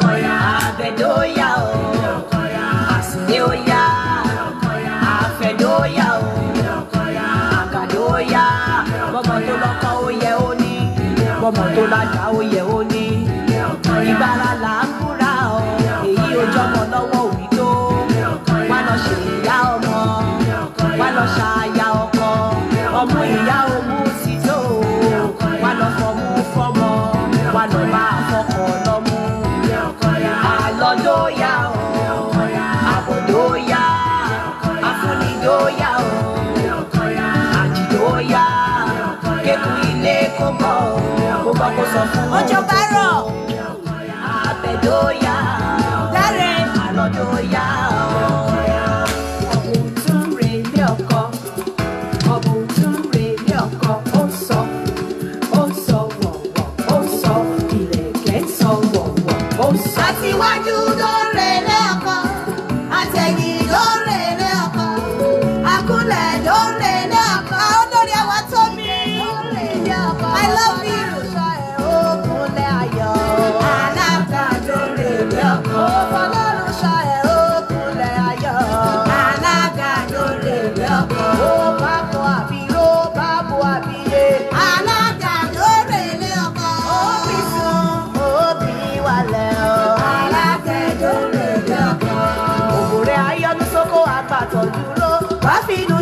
àfẹ̀dóyà o àsìlè ó yá àfẹ̀dóyà o àkàdóyà bọ́mọ tó lọ́kọ ó yẹ ó ní bọ́mọ tó lájà ó yẹ ó ní ìbára làá.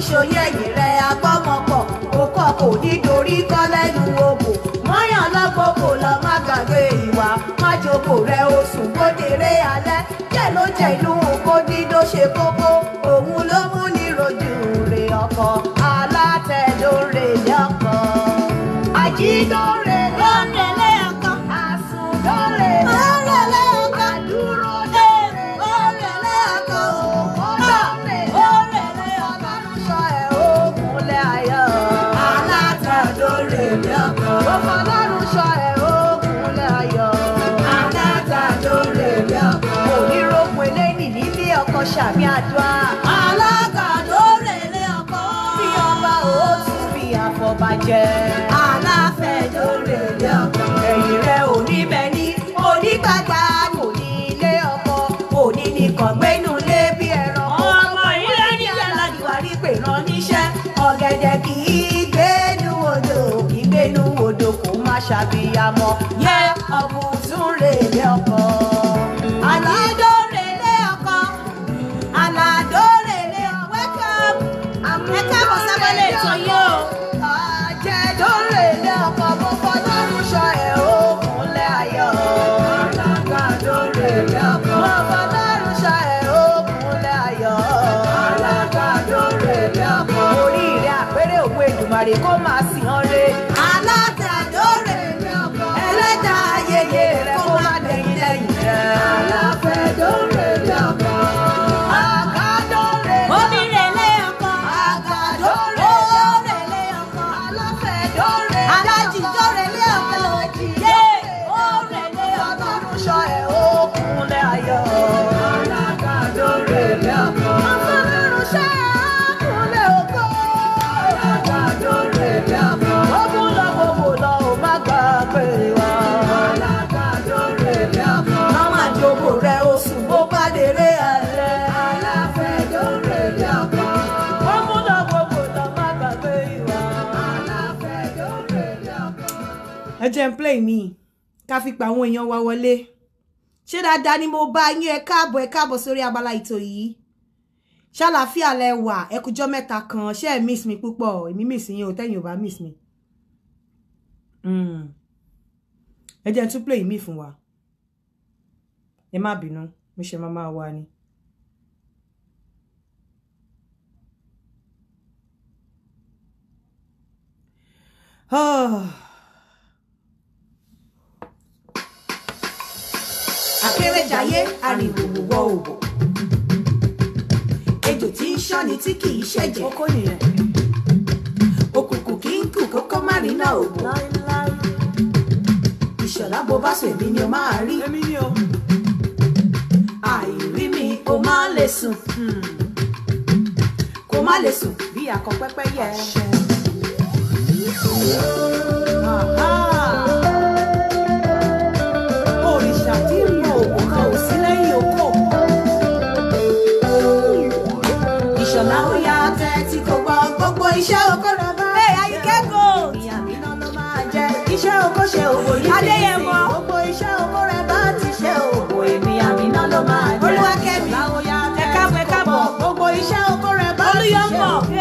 ṣòyí ẹ̀yìn rẹ̀ akọ́mọpọ̀ òkọ̀ kò ní dorí kọ́ lẹ́nu ogun mọ́yàn lọ́kọ̀ọ́kò lọ má gbàgbé ìwà májòkò rẹ̀ oṣù kódéré alẹ́ jẹ́ ló jẹ́ inú oko dídó ṣe kókó òun ló mú ní rojú rè ọkọ alátẹ̀dórè lọ́kọ̀ àjídórè lọ́nẹ̀lẹ́ ṣàbí àdúrà. alága tó rèlé ọkọ. bí ọba ó tún fi àfọ̀bàjẹ́. aláfẹ́ tó rèlé ọkọ. ẹ̀yìn rẹ̀ ò ní bẹ ní onígbàgbà kò ní ilé ọkọ kò ní nìkan gbénu lé bí ẹ̀rọ. ọmọ ilé ní aládìwá rí pè rán níṣẹ́ ọ̀gẹ̀dẹ̀ kì í jẹ́ ń play mi ká fi pa àwọn èèyàn wa wọlé ṣé dáadáa ni mo bá yín ẹ káàbọ̀ ẹ káàbọ̀ sórí abala ètò yìí ṣàlàáfíà lẹ wà ẹ kújọ́ mẹ́ta kan ṣé ẹ miss mi púpọ̀ èmi miss yín o tẹ́yìn ò bá miss mi hmm. ẹ jẹ́ tún play mi fún wa ẹ má bínú mo ṣe máa máa wá ni. Oh. akérèjáyé arìnrìnwò wọ òbò ejò tí ń ṣọ́ni tí kì í ṣẹ̀jẹ̀ kókó nìyẹn òkùnkùn kì í kù kókó má rí náà òbò ìṣọ̀lá bó bá sùn èmi ni o máa rí àìrí mi o máa lè sùn hmm. kó má lè sùn bí akọ yẹ. Ah, ah. Orixá de iṣẹ́ oko lọ bá. Ẹ Àyìnkẹ́ Gold. Ìyàmínà ló máa jẹ iṣẹ́ oko ṣe òwò yìí. Adéyẹmọ. Gbogbo iṣẹ́ oko rẹ̀ bá ti ṣe òwò èmi Àmínà ló máa jẹ. Olúwakẹ́mi. Ẹ̀ka bọ̀ ẹ̀ka bọ̀. Gbogbo iṣẹ́ oko rẹ̀ bá ti ṣe òwò. Olúyọ̀mọ̀.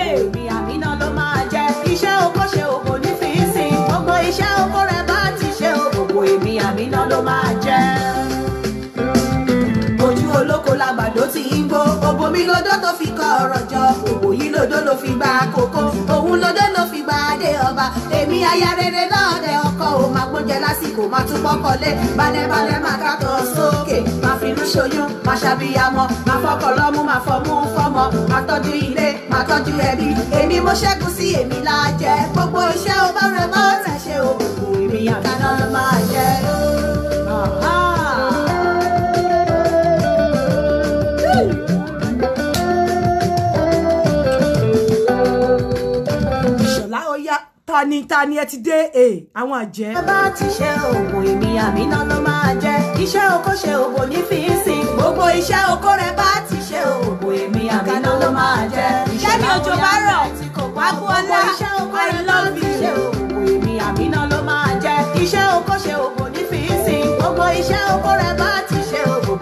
omi lodó ló fi kọ ọ̀rọ̀ jọ òwò yìí lodó ló fi gba kókó òun lodó ló fi gba adé ọba èmi aya rere lọ́ọ̀dẹ ọkọ ò máa gbóúnjẹ lásìkò máa tún pọ́kọ́lé balẹ̀balẹ̀ máa kákọ́ sókè máa finú ṣoyún máa ṣàbíyamọ máa fọkọ̀ lọ́mú máa fọmú fọmọ máa tọ́jú ilé máa tọ́jú ẹbí èmi mo ṣẹ́gun sí èmi la gbogbo iṣẹ́ o bá rẹ bọ́ ṣe òkùnkùn èmi àtàná máa jẹ wa ni ta ni ẹ ti dé e àwọn àjẹ́. bá a ti ṣe oògùn ìmì àmínà ló máa jẹ iṣẹ́ oko ṣe oògùn ní fíìsì gbogbo iṣẹ́ oko rẹ bá a ti ṣe oògùn ìmì àmínà ló máa jẹ. ṣẹ́ni òjò bá rọ̀ wá gbọ́ ọlá I love you. ṣe oògùn ìmì àmínà ló máa jẹ iṣẹ́ oko ṣe oògùn ní fíìsì gbogbo iṣẹ́ oko rẹ bá a ti ṣe oògùn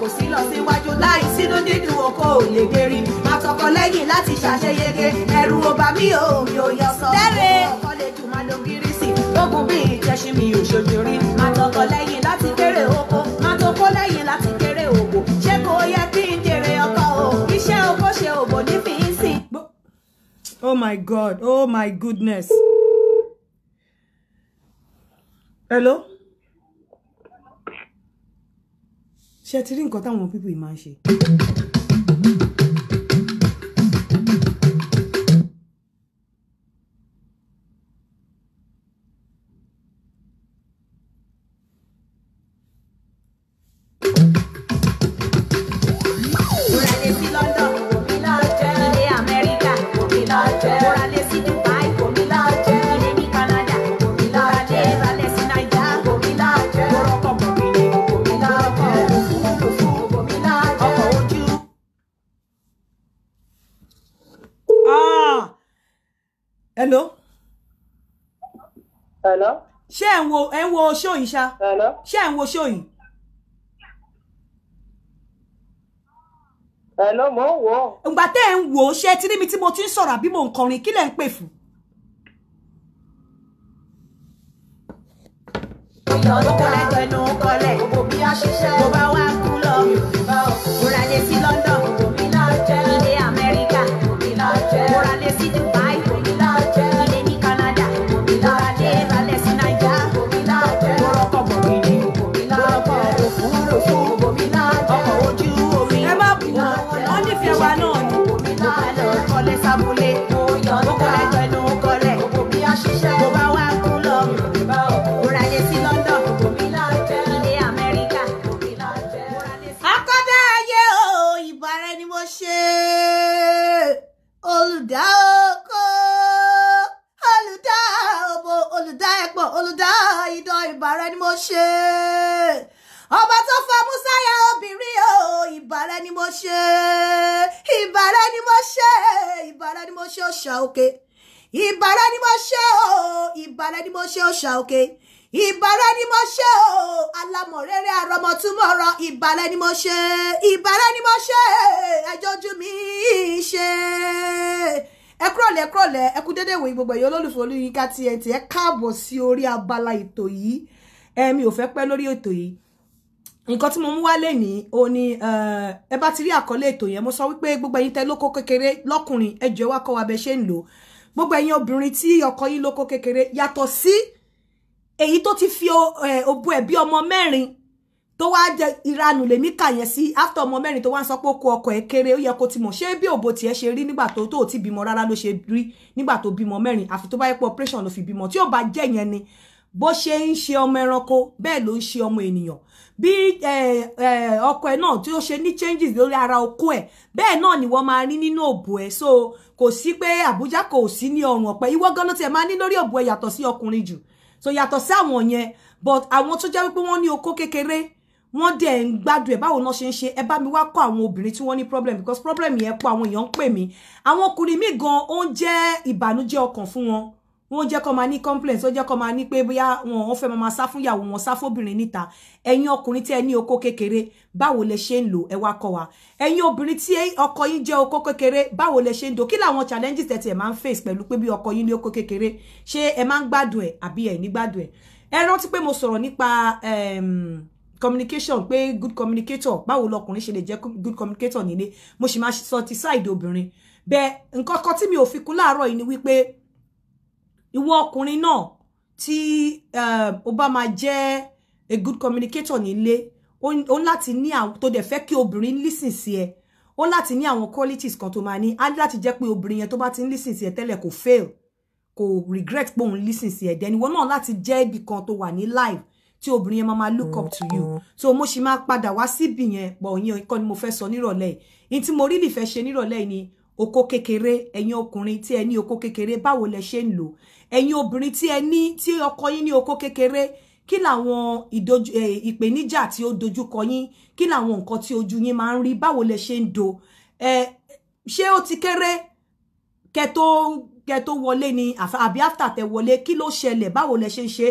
kò sí lọ síwájú láì sínú dídùn oko ò má tọkọ lẹ́yìn láti ṣàṣeyege ẹ̀rù ò bà mí mi ò yọ sọ ọkọ lè jù má lo gírísì lógun bí ìjẹsìn mi ò ṣojú má tọkọ lẹ́yìn láti kéré oko má tó kó láti kéré ògbò ṣé kò yẹ kí n jèrè ọkọ o iṣẹ́ oko ṣe ògbò nífi Oh my God, oh my goodness. Hello? ṣe ti rí nǹkan táwọn pípì máa ń ṣe hello. hello. ṣé ẹ̀ ń wo ẹ̀ ń wo ṣó yìí ṣá. hello. ṣé ẹ̀ ń wo ṣó yìí. hello mo ń wò. ìgbà tẹ́ ẹ̀ ń wò ó ṣe tí níbi tí mo ti ń sọ̀rọ̀ àbí mo ń kọrin kí lẹ̀ ń pè fún. ìyọ̀nù kọ́lẹ̀ gbẹ̀nù kọ́lẹ̀ gbogbo bí a ṣiṣẹ́. mo bá wá gbogbo ẹ̀yin olólùfẹ́ Olúyinká TNT ẹ káàbọ̀ sí orí abala ètò yìí ẹ̀mí ò fẹ́ pẹ́ lórí ètò yìí nǹkan tí mo mú wá lénìí o ní ẹ bá ti rí àkọlé ètò yẹn mo sọ wípé gbogbo ẹ̀yin tẹ lóko kékeré lọ́kùnrin ẹ jọ̀ọ́ wá wa bẹ ṣe ń lò gbogbo ẹ̀yin obìnrin tí ọkọ yín lóko kékeré yàtọ̀ sí èyí tó ti fi òbu ẹ̀bí ọmọ mẹ́rin tó wá jẹ ìranù lèmi kà yẹn sí after ọmọ mẹ́rin tó wá ń sọ pé ó kó ọkọ ẹ̀ kéré ó yẹ kó ti mọ̀ ṣé bí òbò tiẹ̀ ṣe rí nígbà tó tó ti bímọ rárá ló ṣe rí nígbà tó bímọ mẹ́rin àfi tó bá yẹ pé operation ló fi bímọ tí ò bá jẹ́ yẹn ni bó ṣe ń ṣe ọmọ ẹranko bẹ́ẹ̀ ló ń ṣe ọmọ ènìyàn bí ọkọ ẹ náà tí ó ṣe ní changes lórí ara okó ẹ bẹ́ẹ̀ náà ni wọ́n máa rí nínú òbò ẹ so kò sí pé Àbújá kò sí ní ọrùn ọ̀pẹ ìwọ gan ló tiẹ̀ máa ní lórí òbò ẹ yàtọ̀ sí ọkùnrin jù so yàtọ̀ sí àwọn yẹn but àwọn tó jẹ́ wípé wọ́n ní okó kékeré wọ́n dẹ̀ ń gbádùn ẹ̀ báwo náà ṣe ń ṣe ẹ bá mi wá kọ́ àwọn obìnrin tí wọ́n ní problem because problem yẹn pọ̀ àwọn èèyàn ń pè mí àwọn ọkùnrin míì gan ó ń jẹ́ ìbànújẹ́ ọkàn fún wọn wọ́n jẹ́ kó máa ní complaints ó jẹ́ kó máa ní pé bóyá wọn ò fẹ́ máa sá fún ìyàwó wọn sá fóbìnrin níta ẹ̀yin ọkùnrin tí ẹ ní oko kékeré báwo lẹ ṣe ń lò ẹ wá kọ́ wa ẹ̀yin obìnrin tí ọkọ yín jẹ́ oko kékeré báwo lẹ ṣe ń do kí làwọn challenges tẹ̀tì ẹ̀ máa ń face pẹ̀lú pé bí ọkọ yín ní oko kékeré ṣé ẹ máa ń gbádùn ẹ̀ àbí ẹ̀ ní gbádùn ẹ̀ ẹ rántí pé mo sọ̀rọ̀ nípa ehm, communication pé good communicator báwo lọkùnrin ṣe lè jẹ́ good communicator nílé mo sì máa sọ ti side obìnrin bẹ́ẹ̀ nǹkan kan tí mi ò fi kún láàárọ̀ yìí ni wípé ìwọ ọkùnrin náà tí ó eh, bá máa jẹ́ a good communicator nílé ó ń láti ní àwọn tó dẹ̀ fẹ́ kí obìnrin lísìn sí ẹ ó láti ní àwọn qualities kan tó máa ní á láti jẹ́ pé obìnrin yẹn tó bá ti ń lísìn sí ẹ tẹ́lẹ̀ kò fail kò regret pé òun lísìn sí ẹ dẹni wọn náà láti jẹ́ ibì kan tó wà ní live tí obìnrin yẹn máa look up to you mm-hmm. so mo ṣì máa padà wá síbì yẹn pọ̀ yẹn kọ́ ni mo fẹ́ sọ nírọ̀lẹ́ yìí ní tí mo really fẹ́ ṣe nírọ̀lẹ́ yìí ni oko kékeré ẹ̀yin ọkùnrin tí ẹ ní oko kékeré báwo lẹ ṣe ń lò ẹ̀yin obìnrin tí ẹ ní tí ọkọ yín ní oko kékeré kí làwọn eh, ìpèníjà tí ó dojúkọ yín kí làwọn nǹkan tí ojú yín máa ń rí báwo lẹ ṣe ń do eh, ṣé ó ti kéré kẹ tó kẹ tó wọlé ni àbí after tẹ wọlé kí ló ṣẹlẹ̀ báwo lẹ ṣe ń ṣe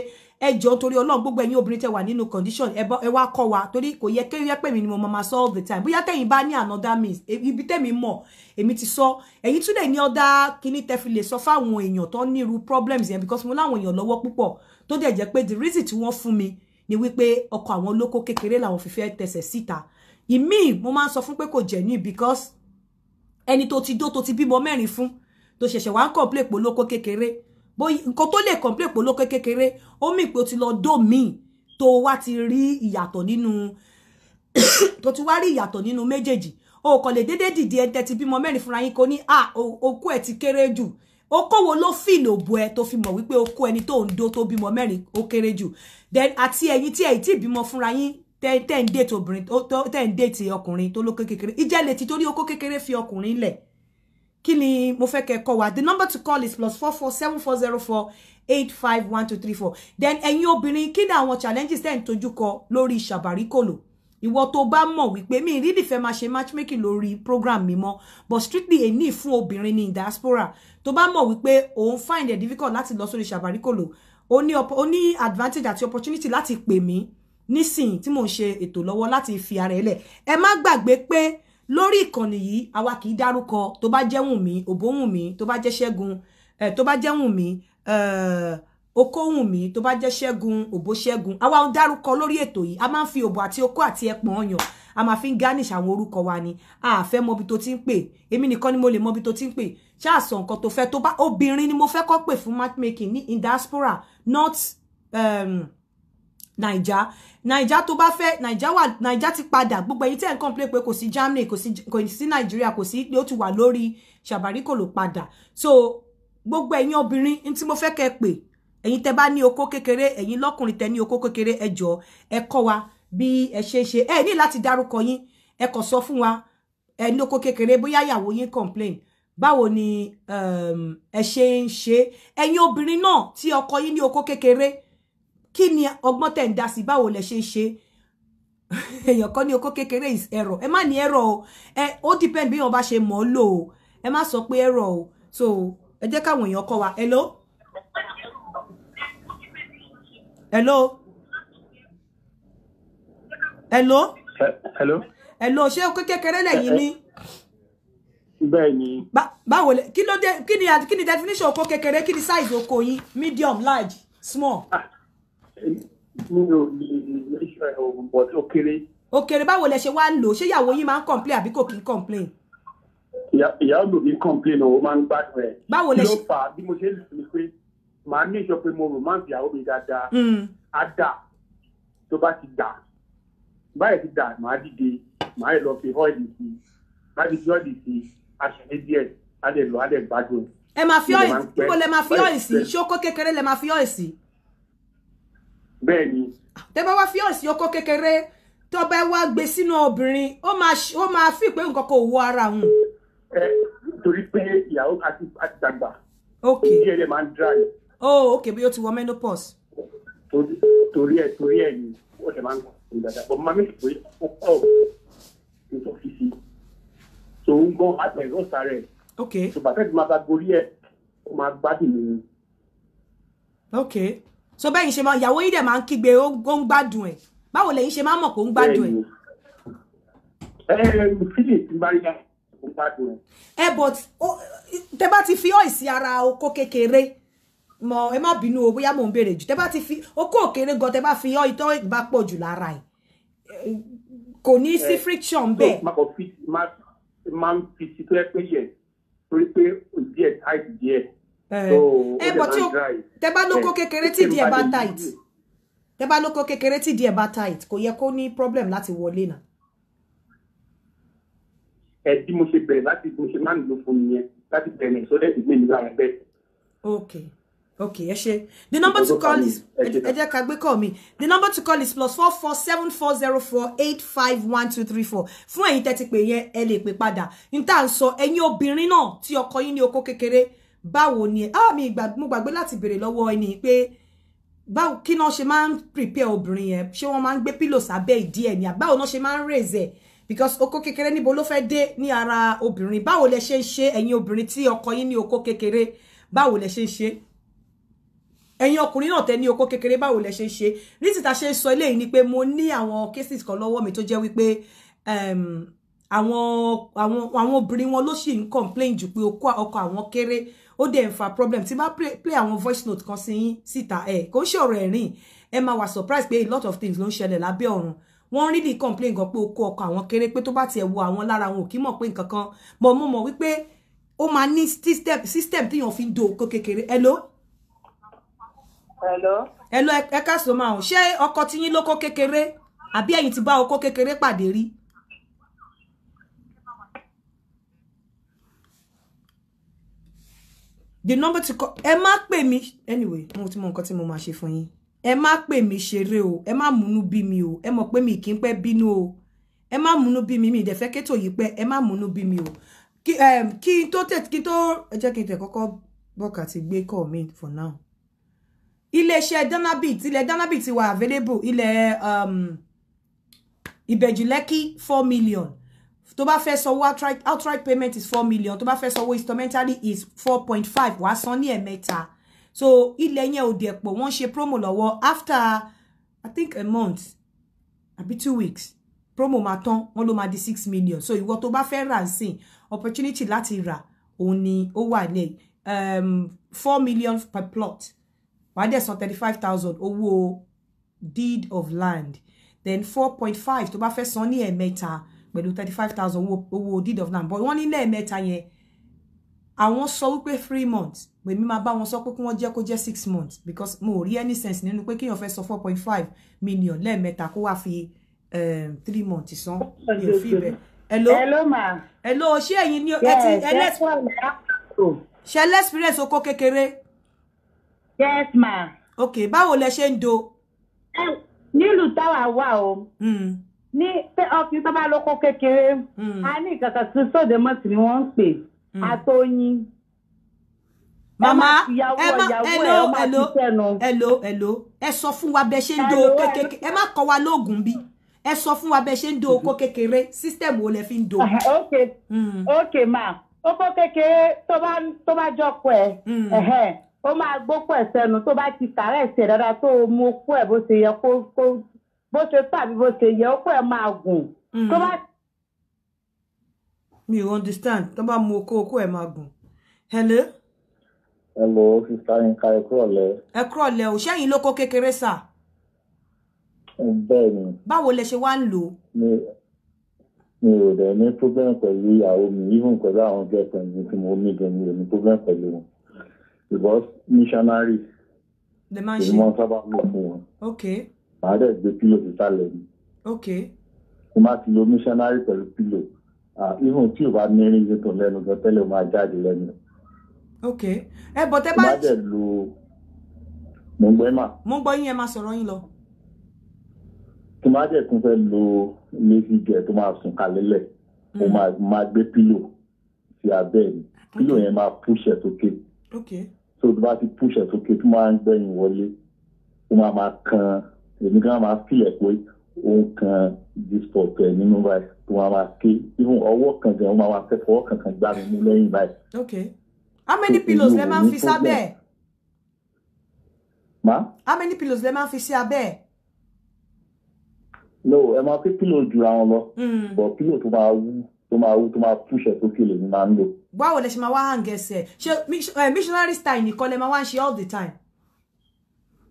ẹ jọ̀ọ́ torí Ọlọ́run gbogbo ẹ̀yin obìnrin tẹ́ wà nínú condition ẹ wá kọ́ wa torí kò yẹ kéyẹ pé mi ni mo máa sọ all the time bóyá tẹ̀yin bá ní another means e, ibi tẹ̀mí mọ̀ èmi ti sọ ẹ̀yin tún lè ní ọdá kíní tẹ́ fi lè sọ fáwọn èèyàn tó ní irú problems yẹn because mo láwọn èèyàn lọ́wọ́ púpọ̀ tó dẹ̀ jẹ́ pé the reason tí wọ́n fún mi ni wípé ọkọ̀ àwọn olóko kékeré làwọn fi fẹ́ tẹsẹ̀ síta ìmíì mo máa ń sọ fún pé kò jẹ́ ní because ẹni tó ti dó tó ti bímọ mẹ́rin fún tó ṣẹ̀ṣẹ̀ wá ń kọ̀ọ̀plẹ̀ polóko kékeré bóyá nǹkan tó lè complain pò lókè kékeré ó mì pé o ti lọ dó míì tó wá ti rí ìyàtọ̀ nínú tó ti wá rí ìyàtọ̀ nínú méjèèjì o kò lè déédéé dìde ẹntẹ ti bímọ mẹ́rin fúnra yín kò ní à ah, okó ẹ ti kéré jù okòwò ló fìlì òbò ẹ tó fi mọ̀ wípé okó eni to ń to tó bímọ mẹ́rin ó kéré jù then àti ẹ̀yin tí ẹ̀yin tí ìbímọ fúnra yín tẹ́ ń déètì obìnrin tẹ́ ń déètì ọkùnrin tó lókè kékeré ìjẹ́ lè ti torí okó kékeré fi ọkùnrin le kí ni mo fẹ́ kẹ́ kọ́ wa the number to call is plus four four seven four zero four eight five one two three four then ẹ̀yin obìnrin kí ni àwọn challenges tẹ̀ ń tojú kọ lórí ṣàbàríkòlò ìwọ tó bá mọ̀ wípé mi ìrírí fẹ́ máa ṣe matchmaking lórí program mi mọ́ but strictly èní fún obìnrin ní diaspora tó bá mọ̀ wípé òun find it difficult láti lọ sórí ṣàbàríkòlò ó ní ó advantage àti opportunity láti pè mí nísìnyí tí mò ń ṣe ètò lọ́wọ́ láti fi ara ẹ̀ lẹ̀ ẹ má gbàgbé pé lórí ìkànnì yìí àwa kì í dárúkọ tó bá jẹ́ Wùnmí Òbówùnmí tó bá jẹ́ Ṣẹ́gun eh, tó bá jẹ́ Wùnmí eh, Okòwùnmí tó bá jẹ́ Ṣẹ́gun Òbóṣẹ́gun àwa ò dárúkọ lórí ètò yìí a máa ń fi òbò àti okó àti ẹpọ̀n ọyàn a máa fi ń garnish àwọn orúkọ wa ni a fẹ́ mọbi tó ti ń pè èmi nìkan ni mo lè mọbi tó ti ń pè ṣáàsọ nǹkan tó fẹ́ tó bá obìnrin ni mo fẹ́ kọ́ pè fún matchmaking ní indaspora, not um, naija naija tó bá fẹ́ naija wà naija ti padà gbogbo èyí tẹ́ ń complain pé kò sí germany kò sí kò sí nàìjíríà kò sí pé ó ti wà lórí ṣàbáríkò ló padà so gbogbo ẹ̀yin obìnrin ní tí mo fẹ́ kẹ́ pè ẹ̀yin tẹ́ bá ní okó kékeré ẹ̀yin lọ́kùnrin tẹ́ ní okó kékeré ẹ jọ ẹ kọ́ wa bí ẹ ṣe ṣe ẹ ní láti dárúkọ yín ẹ kò sọ fún wa ẹ ní okó kékeré bóyá ìyàwó yín complain báwo ni um, ẹ ṣe ń ṣe ẹ̀yin obìnrin náà tí ọkọ yín ní okó kékeré kí ni ọgbọ́n tẹ̀ ń dá sí báwo lẹ ṣe ń ṣe èèyàn kan ní okó kékeré is ẹ̀rọ ẹ má ní ẹ̀rọ o ẹ ó depend bí wọn bá ṣe mọ̀ ọ́ lò ó ẹ má sọ pé ẹ̀rọ o so ẹ jẹ́ káwọn èèyàn kọ́ wa hello hello hello hello hello ṣé okó kékeré lẹ́yìn ni. bẹ́ẹ̀ ni. báwo kí ló dé kí ni definition okó kékeré kí ni size oko yín medium large small. Ah mi ò lè ṣe oògùn bọ̀ tí ó kéré. ó kéré báwo lẹ ṣe wá ń lò ṣé ìyàwó yín máa ń complain àbí kò kí ń complain. ìyàwó lò mí complain o máa ń gbádùn ẹ. báwo lẹ ṣe. ló fà á bí mo ṣe lè fi pé màá ní ìṣọ pé mo rò máa ń fi àwọn mi dáadáa. á hmm. dà tó bá ti dà báyìí ti dà màá dìde màá lọ fi ọ́ìlì sí i bá ti fi ọ́ìlì sí i aṣèlè díẹ̀ á lè lọ á lè gbádùn. ẹ máa fi ọ́ìlì sí ṣókó kékeré lè máa fi ọ́ìlì sí bẹ́ẹ̀ ni. tẹ bá wá fi hàn sí ọkọ kékeré tó bá wá gbé sínú obìnrin ó máa fi pé nǹkan kò wọ ara òun. ẹ nítorí pé ìyàwó àti àgbà ìdí ẹ̀rẹ̀ máa ń dra yìí. oh ok bí ó ti wọ menopause. torí ẹ torí ẹ ni ó ṣe máa ń kọ ní dáadáa bọ́ máa mẹ́sì pé ó kọ́ ọ̀ ní sọ́fíìsì tó ń gbọ́n àtẹ̀rọ̀sà rẹ̀. ok tó bàtẹ́ ti máa bá gorí ẹ̀ ó máa gbádùn nínú. ok so bẹ́yìn ṣe máa ìyàwó yín dẹ̀ máa ń kígbe ó ń gbádùn ẹ̀ báwo lẹ̀yin ṣe máa ń mọ̀ pé ó ń gbádùn ẹ̀. ẹ but tẹ bá ti fi ọ́ìsì ara oko kékeré mọ ẹ má bínú o bóyá mò ń béèrè jù tẹ bá ti fi oko òkèrè gan tẹ bá fi ọ́ ìtọ́ ìbá pọ̀ jù lára ẹ̀ kò ní sí eh, friction bẹ́ẹ̀. máa ń fi sí tó yẹ pé yẹ torí pé òdì ẹ̀ táìpì díẹ̀ Eh, eh, ẹ bọ̀ tí o tẹ bá lóko kékeré tí díẹ̀ bá tight tẹ bá lóko kékeré tí díẹ̀ bá tight kò yẹ kó ní problem láti wọlé náà. ẹ bí mo ṣe bẹ̀rẹ̀ láti mo ṣe máa ń lo fún yẹn láti bẹ̀rẹ̀ sọ́dẹ̀ ìgbé mi lára bẹ́ẹ̀. ok ok ẹ ṣe the number to call is ẹ jẹ́ ká gbé call mi the number to call is plus four four seven four zero four eight five one two three four fún ẹ̀yin tẹ́tí pé yẹn ẹ lè pè padà n tá à sọ ẹ̀yin obìnrin náà tí ọkọ yín ní oko kékeré báwo ni ah mi mo gbàgbé láti béèrè lọ́wọ́ ẹni pé báwo kí náà ṣe máa ń prepare obìnrin yẹn ṣé wọ́n máa ń gbé pillow sábẹ́ ìdí ẹ̀ ní àbáwo náà ṣe máa ń raise because oko kékeré níbo ló fẹ́ dé ní ara obìnrin báwo lẹ ṣe ń ṣe ẹ̀yin obìnrin tí ọkọ yín ní okó kékeré báwo lẹ ṣe ń ṣe ẹ̀yin ọkùnrin náà tẹ ní okó kékeré báwo lẹ ṣe ń ṣe ní títa ṣe ń sọ eléyìí ni pé mo ní àwọn cases kan lọ́wọ́ mi tó jẹ́ wípé ehm, àwọn àwọn àwọn obìnrin wọn ló sì ń complain jù pé okó ọkọ àwọn kéré ó dẹ̀ ń fa problem tí bá play àwọn voice note kan sí yín síta ẹ̀ kò ń ṣe ọ̀rọ̀ ẹ̀rín ẹ máa wà surprise pé a lot of things ló ń ṣẹlẹ̀ lábẹ́ ọ̀run wọ́n rí complain gan pé ó kó ọkọ̀ àwọn kéré pé tó bá tiẹ̀ wo àwọn lára wọn ò kí mọ̀ pé nǹkan kan mọ̀ mo mọ̀ wípé ó máa ní system system téèyàn fi ń do oko kékeré hello. hello. hello ẹ so máa hàn ṣé ọkọ tiyín ló kó kékeré àbí ẹ̀yin ti bá oko kékeré pàdé rí. the number to call ẹ má pè mí anyway mo ti mọ nǹkan tí mo máa ṣe fún yín ẹ má pè mí ṣeré o ẹ má múnú bí mi o ẹ mọ̀ pé mi kì í pẹ́ bínú o ẹ má múnú bí mi mi ìdẹ̀fẹ́ kétò yìí pẹ́ ẹ má múnú bí mi o kí n tó tẹ̀ kí n tó ẹ jẹ́ kí n tẹ̀ kọ́kọ́ ti gbé call mi for now iléeṣẹ́ danabit ilẹ̀ danabit wà available ilẹ̀ um, ìbẹ̀jú lẹ́kì four million tó bá fẹ́ sanwó outright payment is four million tó bá fẹ́ sanwó instrumentally is four point five wàá san ní ẹ̀mẹ́ta so ilẹ̀ yẹn ò dẹ̀ pọ̀ wọ́n ṣe promo lọ́wọ́ after i think a month àbí two weeks promo máa tán wọ́n ló máa di six million so ìwọ tó bá fẹ́ rà sí opportunity láti rà òun ni ó wà ní um, four million per plot wàá dẹ̀ san thirty five thousand owó deed of land then four point five tó bá fẹ́ san ní ẹ̀mẹ́ta pẹ̀lú thirty five thousand owó deed of land but wọ́n ní lẹ́ẹ̀mẹ́ta yẹn àwọn sọ wípé three months pé mi máa bá wọn sọ pé kí wọ́n jẹ́ kó jẹ́ six months because mo ò rí any sense nínú pé kéèyàn fẹ́ sọ four point five million lẹ́ẹ̀mẹ́ta kó wá fi ehm, three months san mi ò fi bẹ́ẹ̀. hello hello ma hello ṣé ẹ̀yin ni ẹ ti ṣe lẹ́sìpírẹ́sì oko kékeré. yes ma. ok báwo lẹ ṣe ń do. nílùú táwa wà o. Hmm ní pé ọkùnrin tó bá lóko kékeré hmm. a ní ìkàkà sí sóde mọ́tì ni wọ́n ń pè àtọyìn. Hmm. màmá ẹ má ẹlò ẹlò ẹlò ẹlò ẹ sọ fún wa bẹ ṣe ń do kékeré ẹ má kọ wa lóògùn bí ẹ sọ fún wa bẹ ṣe ń do okó kékeré sísítẹ̀mù wo lẹ fi ń do. ok hmm. ok ma okó kékeré tó bá jọ pọ̀ ẹ̀ ó máa gbókò ẹ̀ sẹ́nu tó bá ti kàrẹ́ ẹ̀sẹ̀ dáadáa tó o mú okó ẹ̀ bó ṣe yẹ kó bó ṣe tó àbí bó ṣe yẹ ọkọ ẹ máa gùn mm. mi ò understand tó bá mu okó okó ẹ máa gùn. hello. hello sista Yinka ẹ kúrọ̀ lẹ. ẹ kúrọ̀ lẹ o ṣẹ́yìn ló kó kékeré sà. bẹ́ẹ̀ ni. báwo lẹ ṣe wá ń lò ó. mi ò dẹ̀ ní problem pẹ̀lú ìyàwó mi even pẹ̀lú àwọn gẹ̀ẹ́sẹ̀ mi tí mo mí gan mi ò ní problem pẹ̀lú wọn because missionary. lè máa ṣe èmi wọn sábà lò fún wọn. okay màá dẹ̀ gbé pílò sí sálẹ̀ ok. mo máa ti lo missionary pẹ̀lú pílò ihun tí ò bá ní rí nítorí lẹ́nu gan tẹ́lẹ̀ máa jáde lẹ́nu. ok ẹ bọ̀ tẹ́ bá. mo máa dẹ̀ lo mo ń gbọ́ ẹ mà. mo ń gbọ́ yín ẹ máa sọ̀rọ̀ yín lọ. tí máa dẹ̀ tún fẹ́ lo lazy gẹ̀ tó máa sùn kalẹ́lẹ̀ mm. mo máa gbé pílò sí abẹ́ mi pílò yẹn máa púṣẹ̀ sókè. ok. so tó bá ti púṣẹ̀ sókè tó máa ń gbẹ̀yìn wọlé ó máa máa kan èmi kan máa fi ẹ̀ pé òun kan disport ẹ̀ nínú báyìí tó máa máa ké even ọwọ́ kan gan máa máa fẹ́fọ́ kankan gbá mi mú lẹ́yìn báyìí. ok how many pillows lẹ máa ń fi sábẹ́ ẹ̀. ma. how many pillows lẹ máa ń fi sí abẹ́ ẹ̀. no ẹ máa fi pillow ju àwọn lọ hmm. but pillow tó máa wú tó máa wú tó máa púṣẹ̀ sókè lèmi máa ń lò. báwo lẹ ṣe máa wá hàn gẹ̀ẹ́sì ẹ̀ ṣe eh, missionary style all the time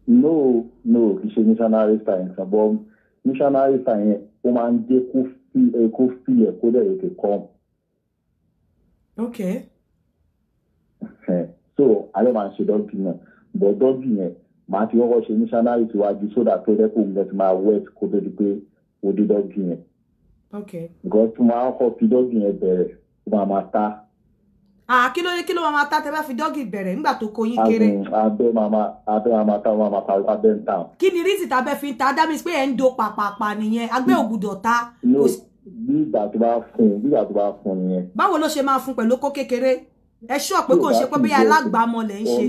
no no kì í ṣe missionary style nǹkan bọ́ missionary style yẹn ó máa ń dé kó fi ẹ eh, kó fi ẹ kó dẹ̀ ètè kọ́. ok. so alẹ́ máa ń ṣe dọ́gì náà bọ̀ dọ́gì yẹn màá ti kọ́kọ́ ṣe missionary síwájú sódà tó dẹ́ kó gbẹ ti wet kó tó di pé ó dé dọ́gì yẹn. ok. because tí mo máa ń kọ́ fi dọ́gì yẹn bẹ̀rẹ̀ ó máa máa ta kí ló yẹ kí ló máa ta tẹ bá fi dọ́gì bẹ̀rẹ̀ nígbà tó kó yín kéré. abẹ́ màmá abẹ́ màmá ta wọn màmá parí abẹ́ ń ta. kí ni rísì tàbẹ́ fi ń ta dá mi pé ẹ̀ ń do pàpàpà nìyẹn agbẹ́ ògùdọ̀ ta. no bí ìgbà tó bá fún bí ìgbà tó bá fún nìyẹn. báwo ló ṣe máa fún pẹ̀lú kó kékeré ẹ ṣọ́ pé kò ṣe pé bí alágbàmọ̀ lẹ̀ ń ṣe.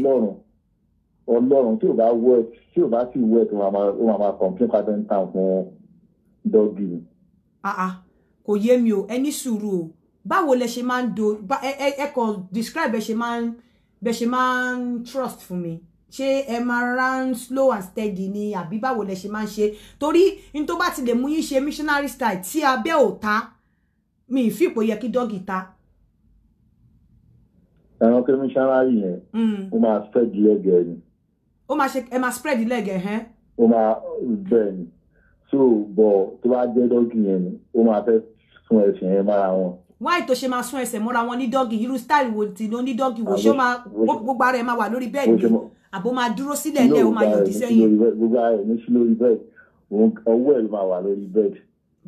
ọlọ́run ọlọ́run tí ò bá wọ tí ò bá sì wọ tó máa máa complain padà ń ta fún dọ́gì. Ah, ah, kò yé mi o ẹ sùúrù o báwo lẹ ṣe máa ń do ẹ kàn describe ẹ ṣe máa ń bẹ ṣe máa ń trust fún mi ṣé ẹ máa rán slow and steady ni àbí báwo lẹ ṣe máa ń ṣe torí n tó bá ti lè mú yín ṣe missionary style tí abẹ́ ò ta mi ì fìpò yẹ kí dọ́gì ta. ẹran kí missionary yẹn hmm. ó máa spread lẹ́gẹ̀ẹ́ ni. ó máa ṣe ẹ máa spread lẹ́gẹ̀ẹ́ hẹ́n. ó máa bẹ́ẹ̀ ni so bọ̀ tó bá jẹ́ dọ́gì yẹn ni ó máa fẹ́ fún ẹ̀sìn yẹn mára wọn wáì tó ṣe máa sún ẹsẹ̀ mọ́ra wọn ní dọ́gì irú style wo ti ló ní dọ́gì wo ṣé gbogbo ara ẹ̀ máa wà lórí bẹ́ẹ̀dì àbò máa dúró sílẹ̀ lẹ́ o máa yọ̀dí sẹ́yìn. gbogbo ara ẹ̀ ní sí lórí bẹ́ẹ̀dì ọwọ́ ẹ̀ máa wà lórí bẹ́ẹ̀dì.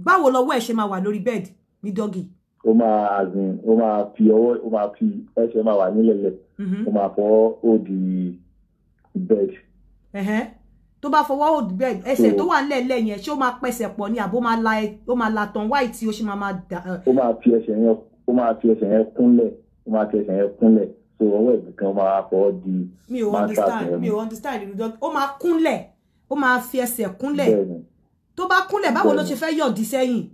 báwo lọ́wọ́ ẹ̀ ṣe máa wà lórí bẹ́ẹ̀dì ní dọ́gì. o máa àgbìn o máa fi ọwọ́ ó máa fi ẹsẹ̀ máa wà nílẹ̀ lẹ̀ mm-hmm. ó máa fọwọ́ ó di bẹ́ẹ̀dì tó bá fọwọ́ ò bẹ́ẹ̀ ẹsẹ̀ tó wà nílẹ̀ lẹ̀ yẹn ṣé ó máa pẹsẹ̀ pọ̀ ni àbó máa la tán wáì tí ó ṣe máa dà. ó máa fi ẹsẹ̀ yẹn ó máa fi ẹsẹ̀ yẹn kúnlẹ̀ ó máa fi ẹsẹ̀ yẹn kúnlẹ̀ so ọwọ́ ìbùkún máa fọwọ́ di máta tẹ̀lé. mi understand mi ò understand ó máa kúnlẹ̀ ó máa fi ẹsẹ̀ kúnlẹ̀ tó bá kúnlẹ̀ báwo ló ṣe fẹ́ yọ̀dí sẹ́yìn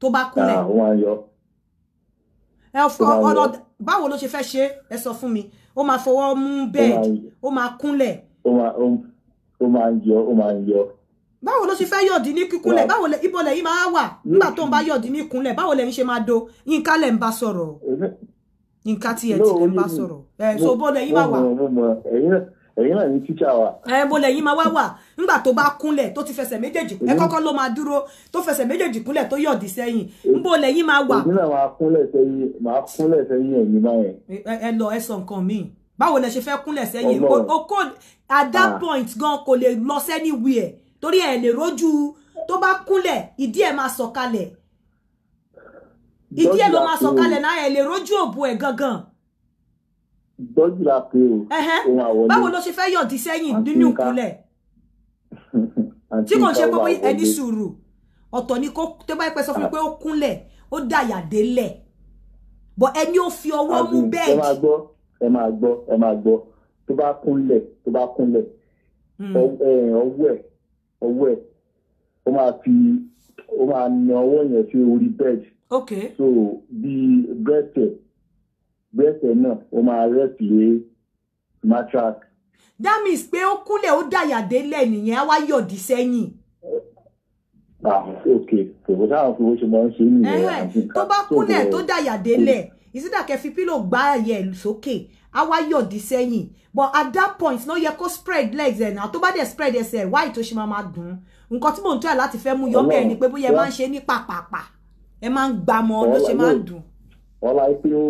tó bá kúnlẹ̀. Ah, ó máa yọ. ẹ ọ̀nà báwo ló ṣe fẹ́ ṣe é ẹ sọ fún mi ó máa fọwọ́ mú bẹ́ẹ̀dì ó máa kúnlẹ̀ ó máa ń yọ ó máa ń yọ. báwo ló ṣe fẹ́ yọ̀dí ní kíkúnlẹ̀ báwo lẹ ibo lẹ́yìn máa wà nígbà tó ń bá yọ̀dí ní ìkúnlẹ̀ báwo lẹ́yìn ṣe máa do yínká lẹ̀ ń bá sọ̀rọ̀ yínká tiẹ̀ tí lẹ̀ ń bá sọ̀rọ̀ ẹ̀ so bó lẹ́yìn máa wà. ẹ̀yin náà ní tíṣà wa. ẹ bó lẹ́yìn máa wá wà nígbà tó bá kúnlẹ̀ tó ti fẹsẹ̀ méjèèjì ẹ kọ́kọ́ ló máa dúró tó fẹsẹ̀ méjèèjì kúnlẹ̀ tó yọ̀dí sẹ́yìn níbo lẹ́yìn máa wà. èmi náà máa kúnlẹ̀ sẹ́yìn máa kúnlẹ̀ sẹ́yìn ẹ̀yin báyẹn. ẹ lọ ẹ sọ nǹkan míì báwo lẹ ṣe fẹ́ kúnlẹ̀ sẹ́yìn at that ah. point gan kò lè lọ anywhere torí ẹ̀ lè rójú To bá kúnlẹ̀ ìdí ẹ̀ máa sọ̀kalẹ̀ ìdí ẹ̀ ló máa sọ̀kalẹ̀ náà ẹ̀ lè rójú òbò ẹ̀ gangan. dọ́jú la pé o ohun àwọlé báwo ló ṣe fẹ́ yọ̀dí sẹ́yìn nínú ìkúnlẹ̀ tí kò ń ṣe pé ẹni sùúrù ọ̀tọ̀ ni kó tó bá pẹ́ sọ fún mi ah. pé ó kúnlẹ̀ ó dàyà délẹ̀ bọ̀ ẹni ó fi ọwọ́ mú bẹ́ẹ̀dì. ẹ máa gbọ́ ẹ máa gbọ́ ẹ máa gbọ́ tó bá kúnlẹ̀ tó bá kúnlẹ̀ hmm. ọwọ́ ẹ̀ ọwọ́ ẹ̀ ó máa fi ó máa na ọwọ́ yẹn sí orí bed. ok so bí bẹ́ẹ̀tẹ̀ bẹ́ẹ̀tẹ̀ náà ó máa rest lé matrak. that means pé ó kúnlẹ̀ ó dàyà délẹ̀ nìyẹn á wá yọ̀dí sẹ́yìn. Ah, ok kò sáà fún bó ṣe máa ń ṣe nìyẹn. tó bá kúnlẹ̀ tó dàyà délẹ̀ ìsídàkẹ́ fi pílò gbá ẹ̀yẹ sókè. Okay á wá yọ̀dí sẹ́yìn but at that point náà yẹ kó spread legs ẹ̀ náà tó bá spread ẹsẹ̀ Why wáyé tó ṣe máa máa dùn nǹkan tí mò ń tọ́ ẹ̀ láti fẹ́ mú yọ bẹ́ẹ̀ ni pé bóyá ẹ máa ń ṣe ní pàpàpà ẹ máa ń gbàmọ́ ló ṣe máa ń dùn. wọ́n láì pé ó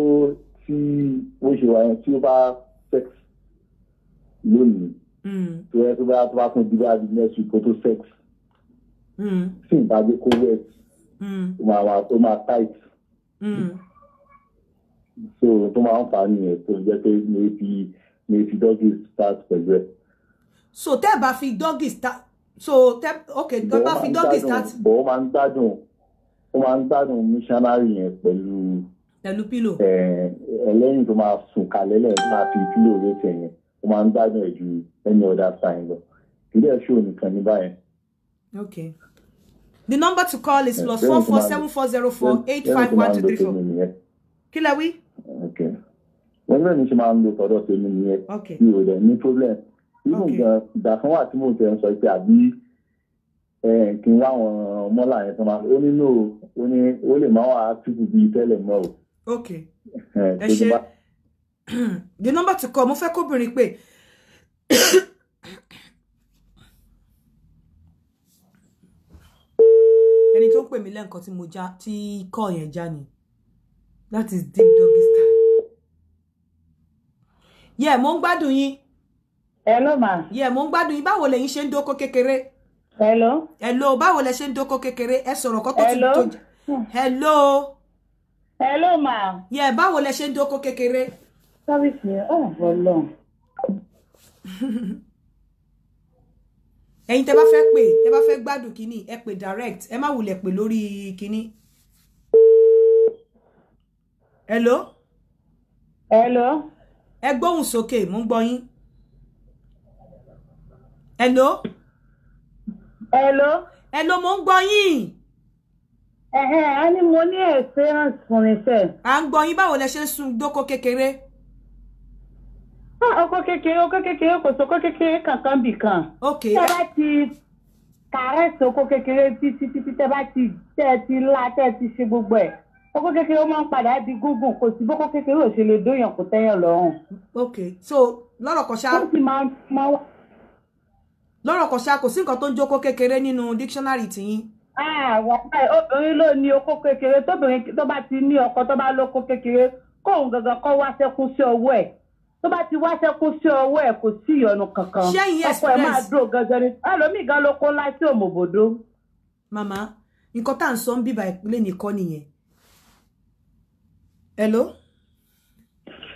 tí ó ṣe wáyé tí ó bá sex lónìí hmm. tó yẹ tó bá tó bá tún dúró àbí next week kó tó sex sì hmm. ń kó wet hmm. ó máa tight so tó máa ń fà á nìyẹn tó jẹ́ pé mi fi mi fi dọ́gì start pẹ̀lú ẹ̀. so tẹ́ ẹ bá fi dọ́gì start so tẹ́ ok tẹ́ ẹ bá fi dọ́gì start. bọ̀ ó máa ń gbádùn ó máa ń gbádùn missionary yẹn pẹ̀lú. pẹ̀lú pílò. ẹlẹ́yìn tó máa sùn kalẹ̀ lẹ́yìn máa fi pílò rẹ̀ tẹ̀yìn ó máa ń gbádùn ẹ̀ ju any other time lọ ilé ẹ̀ṣọ́ nìkan ní báyẹn. okay the number to call is plus four four seven four zero four eight five one two three four. kí lẹ wí wọn náà ní ṣe máa ń lo tọ̀dọ̀ tèmi nìyẹn mi ò dẹ̀ ní problem inú gan ìgbà kan wà tí mo tẹ̀ ń sọ pé àbí kí n wá àwọn mọ́là yẹn tó máa ó nínú ó ní ó lè máa wà á tìbù bíi tẹ́lẹ̀ mọ́ o. ok ẹ ṣe the number to call mo fẹ́ kóbìnrin pé ẹni tó ń pè mí lẹ́ǹkan tí mo kọ́ yẹn já ni that is deep doggy style yẹ mo ń gbádùn yín. hello ma. yẹ mo ń gbádùn yín báwo lẹ̀yin ṣe ń dóko kékeré. hello. hello báwo lẹ ṣe ń dóko kékeré ẹ sọ̀rọ̀ kọ́kọ́ tó tó jà. hello. hello ma. yẹ báwo lẹ ṣe ń dóko kékeré. sábìsì ọ̀ bọ̀lọ̀. ẹ̀yin tẹ́ bá fẹ́ pè tẹ́ bá fẹ́ gbádùn kínní ẹ pè direct ẹ má wulẹ̀ pè lórí kínní. hello. hello ẹ gbóhùn sókè mò ń gbọ́ yín. hello. hello. hello mò ń gbọ́ yín. ẹ̀hẹ̀ a ní mo ní experience fún mi sẹ́ẹ̀. à ń gbọ́ yín báwo lẹ ṣe ń sun dóko kékeré. ọkọ ah, kékeré ọkọ kékeré kò sókó kékeré kankan bì kan. ok ẹ bá ti kàárẹ̀ sókó kékeré títí títí tẹ bá ti tẹ ti la tẹ ti ṣe gbogbo ẹ̀ kókó kékeré ó máa ń padà bí gúngùn kò sí bókó kékeré ò ṣe lè dóyàn kó tẹ́yàn lọ́rùn. ok so lọ́rọ̀ kan ṣá. ó sì máa ń mọ́ wá. lọ́rọ̀ kan kò sí nǹkan tó ń jókòó kékeré nínú dictionary tiyín. àwọn obìnrin ló ní okó kékeré tóbìnrin tó bá ti ní ọkọ tó bá lókó kékeré kóun gangan kọ́ wá sẹ́kún sí ọwọ́ ẹ̀ tó bá ti wá sẹ́kún sí ọwọ́ ẹ̀ kò sí ìyọnu kankan ọkọ ẹ̀ máa dúró ni ẹlòmíì gan hello.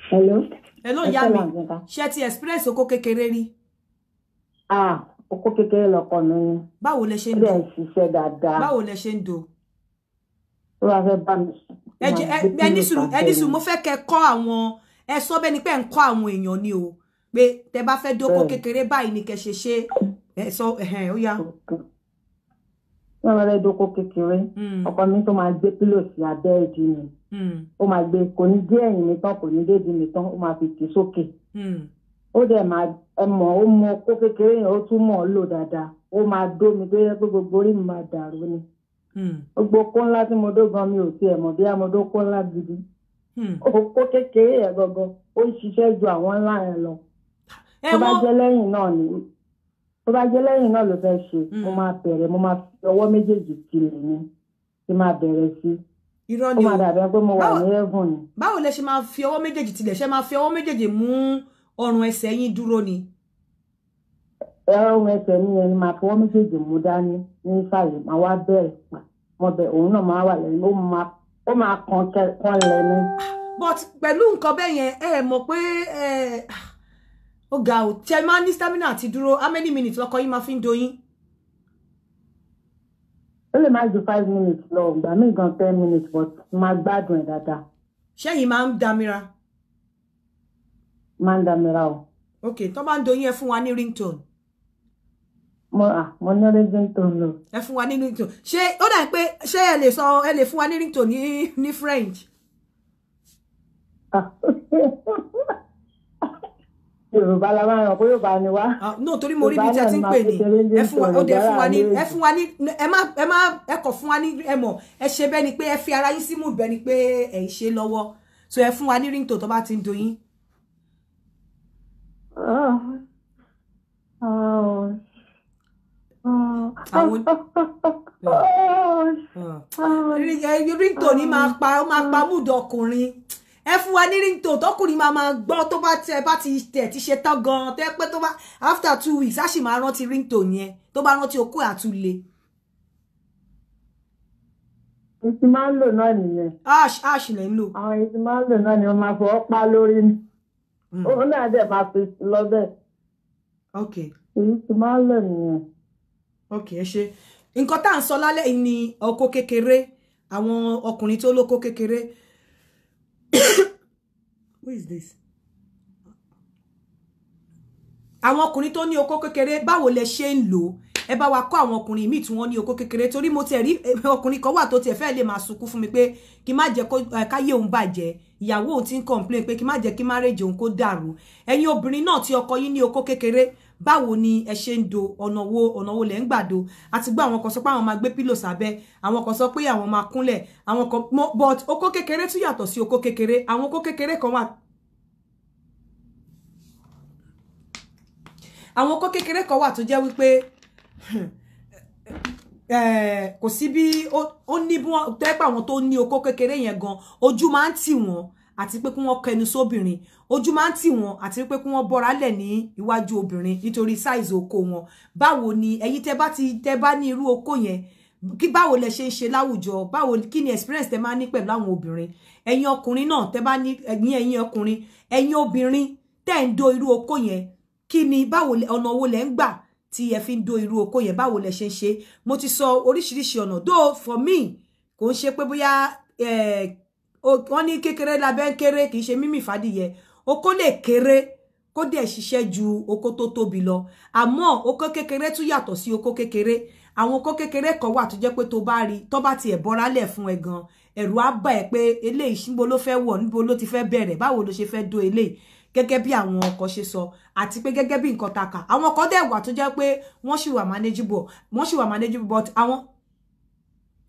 hello. hello Yami, mi ṣé ti express oko kékeré rí. ah oko kékeré lọkọ mi. báwo lẹ ṣe ń do. ó dẹ̀ ṣiṣẹ́ dáadáa. báwo lẹ ṣe ń do. ó wàá fẹ́ bá mi. ẹ jẹ ẹ ní sùúrù ẹ ní mo fẹ́ kẹ́ kọ́ àwọn ẹ sọ bẹ́ẹ̀ ni pé ń kọ́ àwọn èèyàn ni o pé tẹ bá fẹ́ dóko kékeré báyìí ni kẹ́ ṣe ṣe ẹ sọ ẹ̀hẹ̀n ó yá wọn rẹ dóko kékeré hmm. ọkọ mi tó máa gbé pílò sí abẹ́ ìdí mi Hmm. ó máa gbé kò ní dé ẹ̀yìn mi tán kò ní dé di mi tán ó máa fi tì sókè hmm. ó dẹ̀ máa ẹ mọ̀ ó mọ kó kékeré yẹn ó tún mọ̀ ọ́ lò dáadáa ó máa dó mi tó yẹ pé gbogbo orí mi máa dàrú ni hmm. gbogbo kó ńlá tí mo dó gan mi ò tiẹ̀ mọ̀ bí amọ̀dó kó ńlá gidi kó kékeré yẹn gangan ó ń ṣiṣẹ́ ju àwọn ńlá yẹn lọ tó bá jẹ́ lẹ́yìn náà ni tó bá jẹ́ lẹ́yìn náà ló fẹ́ ṣe mo máa bẹ̀rẹ̀ mo máa fi ọwọ́ méjèèjì tilẹ̀ ni tí máa bẹ̀rẹ̀ sí irọ́ ni o báwo lẹ ṣe máa fi ọwọ́ méjèèjì tilẹ̀ ṣe máa fi ọwọ́ méjèèjì mú ọrùn ẹsẹ̀ yín dúró ni. ọrùn ẹsẹ̀ mi yẹn máa fọwọ́ méjèèjì mú dání ní sàlẹ̀ máa wá bẹ́ẹ̀ pa mo bẹ̀ òun náà máa wà lẹ́yìn ó máa kàn lẹ́nu. but pẹ̀lú nǹkan bẹ́ẹ̀ yẹn ẹ mọ̀ pé ó ga ò tẹ́ máa ní stamina àti dúró how many minutes lọkọ yín máa fi ń doyín ó lè má ju five minutes lọ ìgbà míì gan ten minutes but máa gbádùn ẹ̀ dáadáa. ṣẹ́yìn máa ń damira. máa ń damira o. ok tó bá ń doyún ẹ fún wa ní ringtone. mo à mo ní ringtone lọ. ẹ fún wa ní ringtone ṣé ó dà pé ṣé ẹ lè sọ ẹ lè fún wa ní ringtone ní ní French. Ah, yorùbá la máa ràn pé yorùbá ni wá. náà torí mo rí ibi tí a ti ń pè ní ẹ fún wa ó dé fún wa ní ẹ fún wa ní ẹ má ẹ má ẹ kọ̀ fún wa ní ẹ mọ̀ ẹ ṣe bẹ́ẹ̀ ni pé ẹ fi ara yín sí bẹ́ẹ̀ ni pé ẹ ń ṣe lọ́wọ́ so ẹ fún wa ní ringtone tó bá ti ń dùn àwọn ringtone ni máa pa ó máa pa múdọ̀ ọkùnrin ẹ fún wa ní ringtone tọkùnrin máa máa gbọ́ tó bá tẹ bá ti tẹ̀ ti ṣe tán gan tó pé tó bá after two weeks á sì máa rántí ringtone yẹn tó bá rántí okó àtúnlé. èsì máa ń lò náà nìyẹn. ash ash lè ń lò. àwọn èsì máa ń lò náà ni wọ́n máa fọwọ́ pa lórí ni òun hmm. náà dẹ̀ máa fi lọ bẹ́ẹ̀. ok. èyí ti máa ń lò nìyẹn. ok ẹ ṣe nǹkan tá à ń sọ lálẹ́ yìí ni ọkọ kékeré àwọn ọkùnrin tó lóko kékeré where is this àwọn ọkùnrin tó ní okó kékeré báwo lẹ ṣe ń lò ẹ bá wa kọ́ àwọn ọkùnrin míì tí wọ́n ní okó kékeré torí mo tiẹ̀ rí ọkùnrin kan wà tó tiẹ̀ fẹ́ lè máa sunkún fún mi pé kí má jẹ́ káyé òun bàjẹ́ ìyàwó òun ti ń complain pé kí má jẹ́ kí marriage òun kó dàrú ẹ̀yin obìnrin náà tí ọkọ yín ní okó kékeré báwo ni ẹ ṣe ń do ọ̀nà wo ọ̀nà wo lẹ̀ ń gbà do àti gbọ́ àwọn kan sọ pé àwọn máa gbé pílò sábẹ́ àwọn kan sọ pé àwọn máa kúnlẹ̀ àwọn kan but okó kékeré tún yàtọ̀ sí okó kékeré àwọn okó kékeré kan wà àwọn okó kékeré kan wà tó jẹ́ wípé kò sí bí ó ní bí wọ́n tẹ́ àwọn tó ní okó kékeré yẹn gan ojú máa ń tì wọ́n àti pé kí wọ́n kẹnu sóbìnrin ojú máa ń tì wọ́n àti pé kí wọ́n bọ́ra lẹ̀ ní iwájú obìnrin nítorí size oko wọn báwo ni ẹ̀yin tẹ́ bá ti tẹ́ bá ní irú oko yẹn kí báwo lẹ ṣe ń ṣe láwùjọ báwo kí ni experience tẹ́ máa ní pẹ̀lú àwọn obìnrin ẹ̀yin ọkùnrin náà tẹ́ bá ní ẹ̀yin ẹ̀yin ọkùnrin ẹ̀yin obìnrin tẹ́ ń do irú oko yẹn kí ni báwo ọ̀nà wo lẹ ń gbà tí ẹ fi ń do irú oko yẹn báwo lẹ ṣe ń ṣe mo ti sọ oríṣiríṣi ọ̀nà though for me kò ń ṣe pé bóyá eh, wọ́n ní kékeré labẹ́ ń kéré kì í ṣe mímì fàdìyẹ oko lè kéré kó dẹ̀ ṣiṣẹ́ ju oko tó tóbi lọ àmọ́ oko kékeré tún yàtọ̀ sí oko kékeré àwọn oko kékeré kan wà tó jẹ́ pé tó bá rí tó bá tiẹ̀ bọ́ra lẹ̀ fún ẹ gan ẹ̀rù á bà ẹ́ pé eléyìí níbo ló fẹ́ wọ̀ níbo ló ti fẹ́ bẹ̀rẹ̀ báwo ló ṣe fẹ́ do eléyìí gẹ́gẹ́ bí àwọn ọkọ̀ ṣe sọ àti pé gẹ́gẹ́ bí nǹkan takà àwọn ọkọ̀ dẹ̀ wà tó jẹ́ pé wọ́n ṣì wà manageable wọ́n ṣì wà manageable but àwọn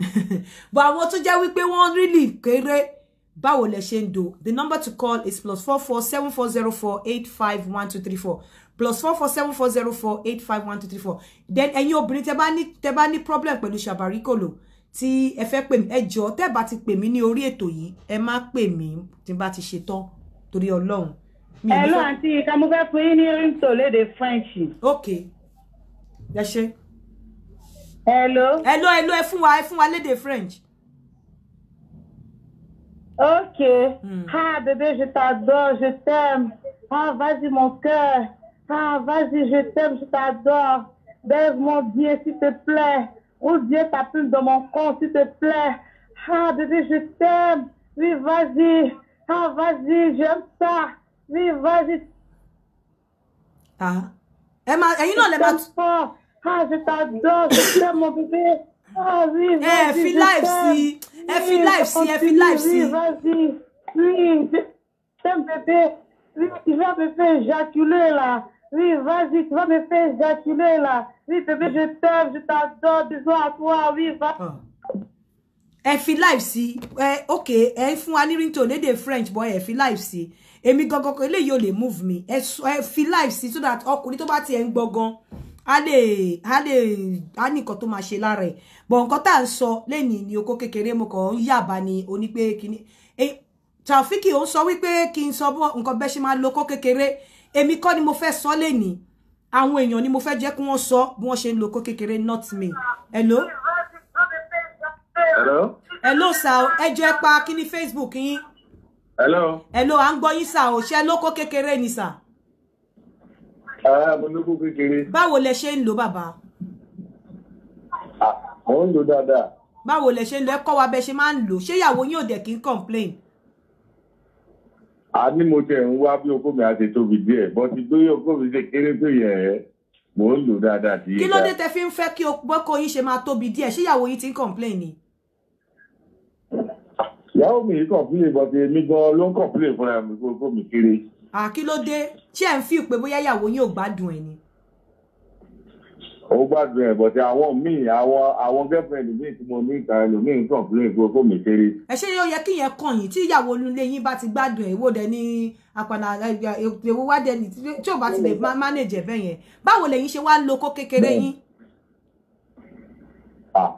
but àwọn tó jẹ́ wípé wọ́n really kéré báwo lẹ ṣe ń do the number to call is plus four four seven four zero four eight five one two three four plus four four seven four zero four eight five one two three four then ẹ̀yin obìnrin tẹ́ bá ní tẹ́ bá ní problem pẹ̀lú ṣàbáríkòlò tí ẹ fẹ́ pè mí ẹ jọ tẹ́ bá ti pè mí ní orí ètò yìí ẹ má pè mí tí n bá ti ṣe tán torí Ọlọ́run. ẹ lọ ìka mo fẹ́ fún yín ní ríńtò léde French. ok ẹ ṣe. hello. hello hello ẹ fún wa ẹ fún wa léde French. Ok. Hmm. Ah, bébé, je t'adore, je t'aime. Ah, vas-y, mon cœur. Ah, vas-y, je t'aime, je t'adore. baisse mon Dieu, s'il te plaît. Oh Dieu, ta plume dans mon corps, s'il te plaît. Ah, bébé, je t'aime. Oui, vas-y. Ah, vas-y, j'aime ça. Oui, vas-y. Ah. Emma, you Emma. Ah, je t'adore, je t'aime, mon bébé. ẹ fi life si ẹ fi life si ah. ẹ fi life sí. Tu vas me faire éjaculer là. Oui, vas-y, tu vas me faire éjaculer là. Oui, bébé, je t'aime, je t'adore, bisous à toi. Oui, va. Ẹ fi life si, eh ok ẹ fún wa ní ringtone lédè French boy ẹ fi life sí èmi gangan eléyìí yo lè move me ẹ fi life si so that oh tó bá tiẹ̀ ń gbọ́ gan ale lè a lè a ní nǹkan tó máa ṣe lára ẹ̀ bọ̀ nǹkan tá à ń sọ lẹ́yìn ní oko kékeré mo kàn ń yàbá ni onípé kíní e, Taofiki ò ń sọ wípé kí n sọ nǹkan bẹ́ẹ̀ ṣe máa lo oko kékeré èmi kọ́ ni mo fẹ́ sọ lẹ́yìn àwọn èèyàn ni mo fẹ́ jẹ́ kí wọ́n sọ bí wọ́n ṣe lo oko kékeré not me hello. hello. hello sà ẹ jọ ẹ pa kíní Facebook yín. hello. hello à ń gbọ́ yín o ò ṣe lóko kékeré ni sà. Ah, mo lókù kékeré. báwo lẹ ṣe ń lò bàbá. Ah, mo ń lò dáadáa. báwo lẹ ṣe ń lò ẹ wa bẹ ṣe máa ń lò ṣé ìyàwó yín ò dẹ̀ kí n complain. a ní mo tẹ̀ ń wá bí okó mi àti tóbi díẹ̀ bọ́tí tó yẹ okó mi ṣe kéré tó yẹ ẹ́ mo ń lò dáadáa sí i. kí ló dé tẹ fi ń fẹ́ kí bọ́kọ yín ṣe máa tóbi díẹ̀ ṣé ìyàwó yín ti ń complain ni ìyàwó mi yìí kọ̀pìlẹ̀ bọ̀dé mi gan ló ń kọ̀pìlẹ̀ fúnra mi kó mi kéré kí ló dé ṣé ẹ̀ ń fi pé bóyá ìyàwó yín ò gbádùn ẹ̀ ni. ó gbádùn ẹ̀ bọ̀tẹ̀ àwọn míì àwọn àwọn girlfriend míì tí mo ní ìta ẹlòmíì kàn fún èkó kó mi kéré. ẹ ṣe yóò yẹ kí yẹn kàn yín tí ìyàwó olúlé yín bá ti gbádùn ẹ̀ wò dẹ ní apàdà èwo wá dẹ ní tí ò bá ti lè manage ẹ̀ bẹ́ẹ̀ yẹn báwo lẹ̀yin ṣe wá lo kó kékeré yín. Ah,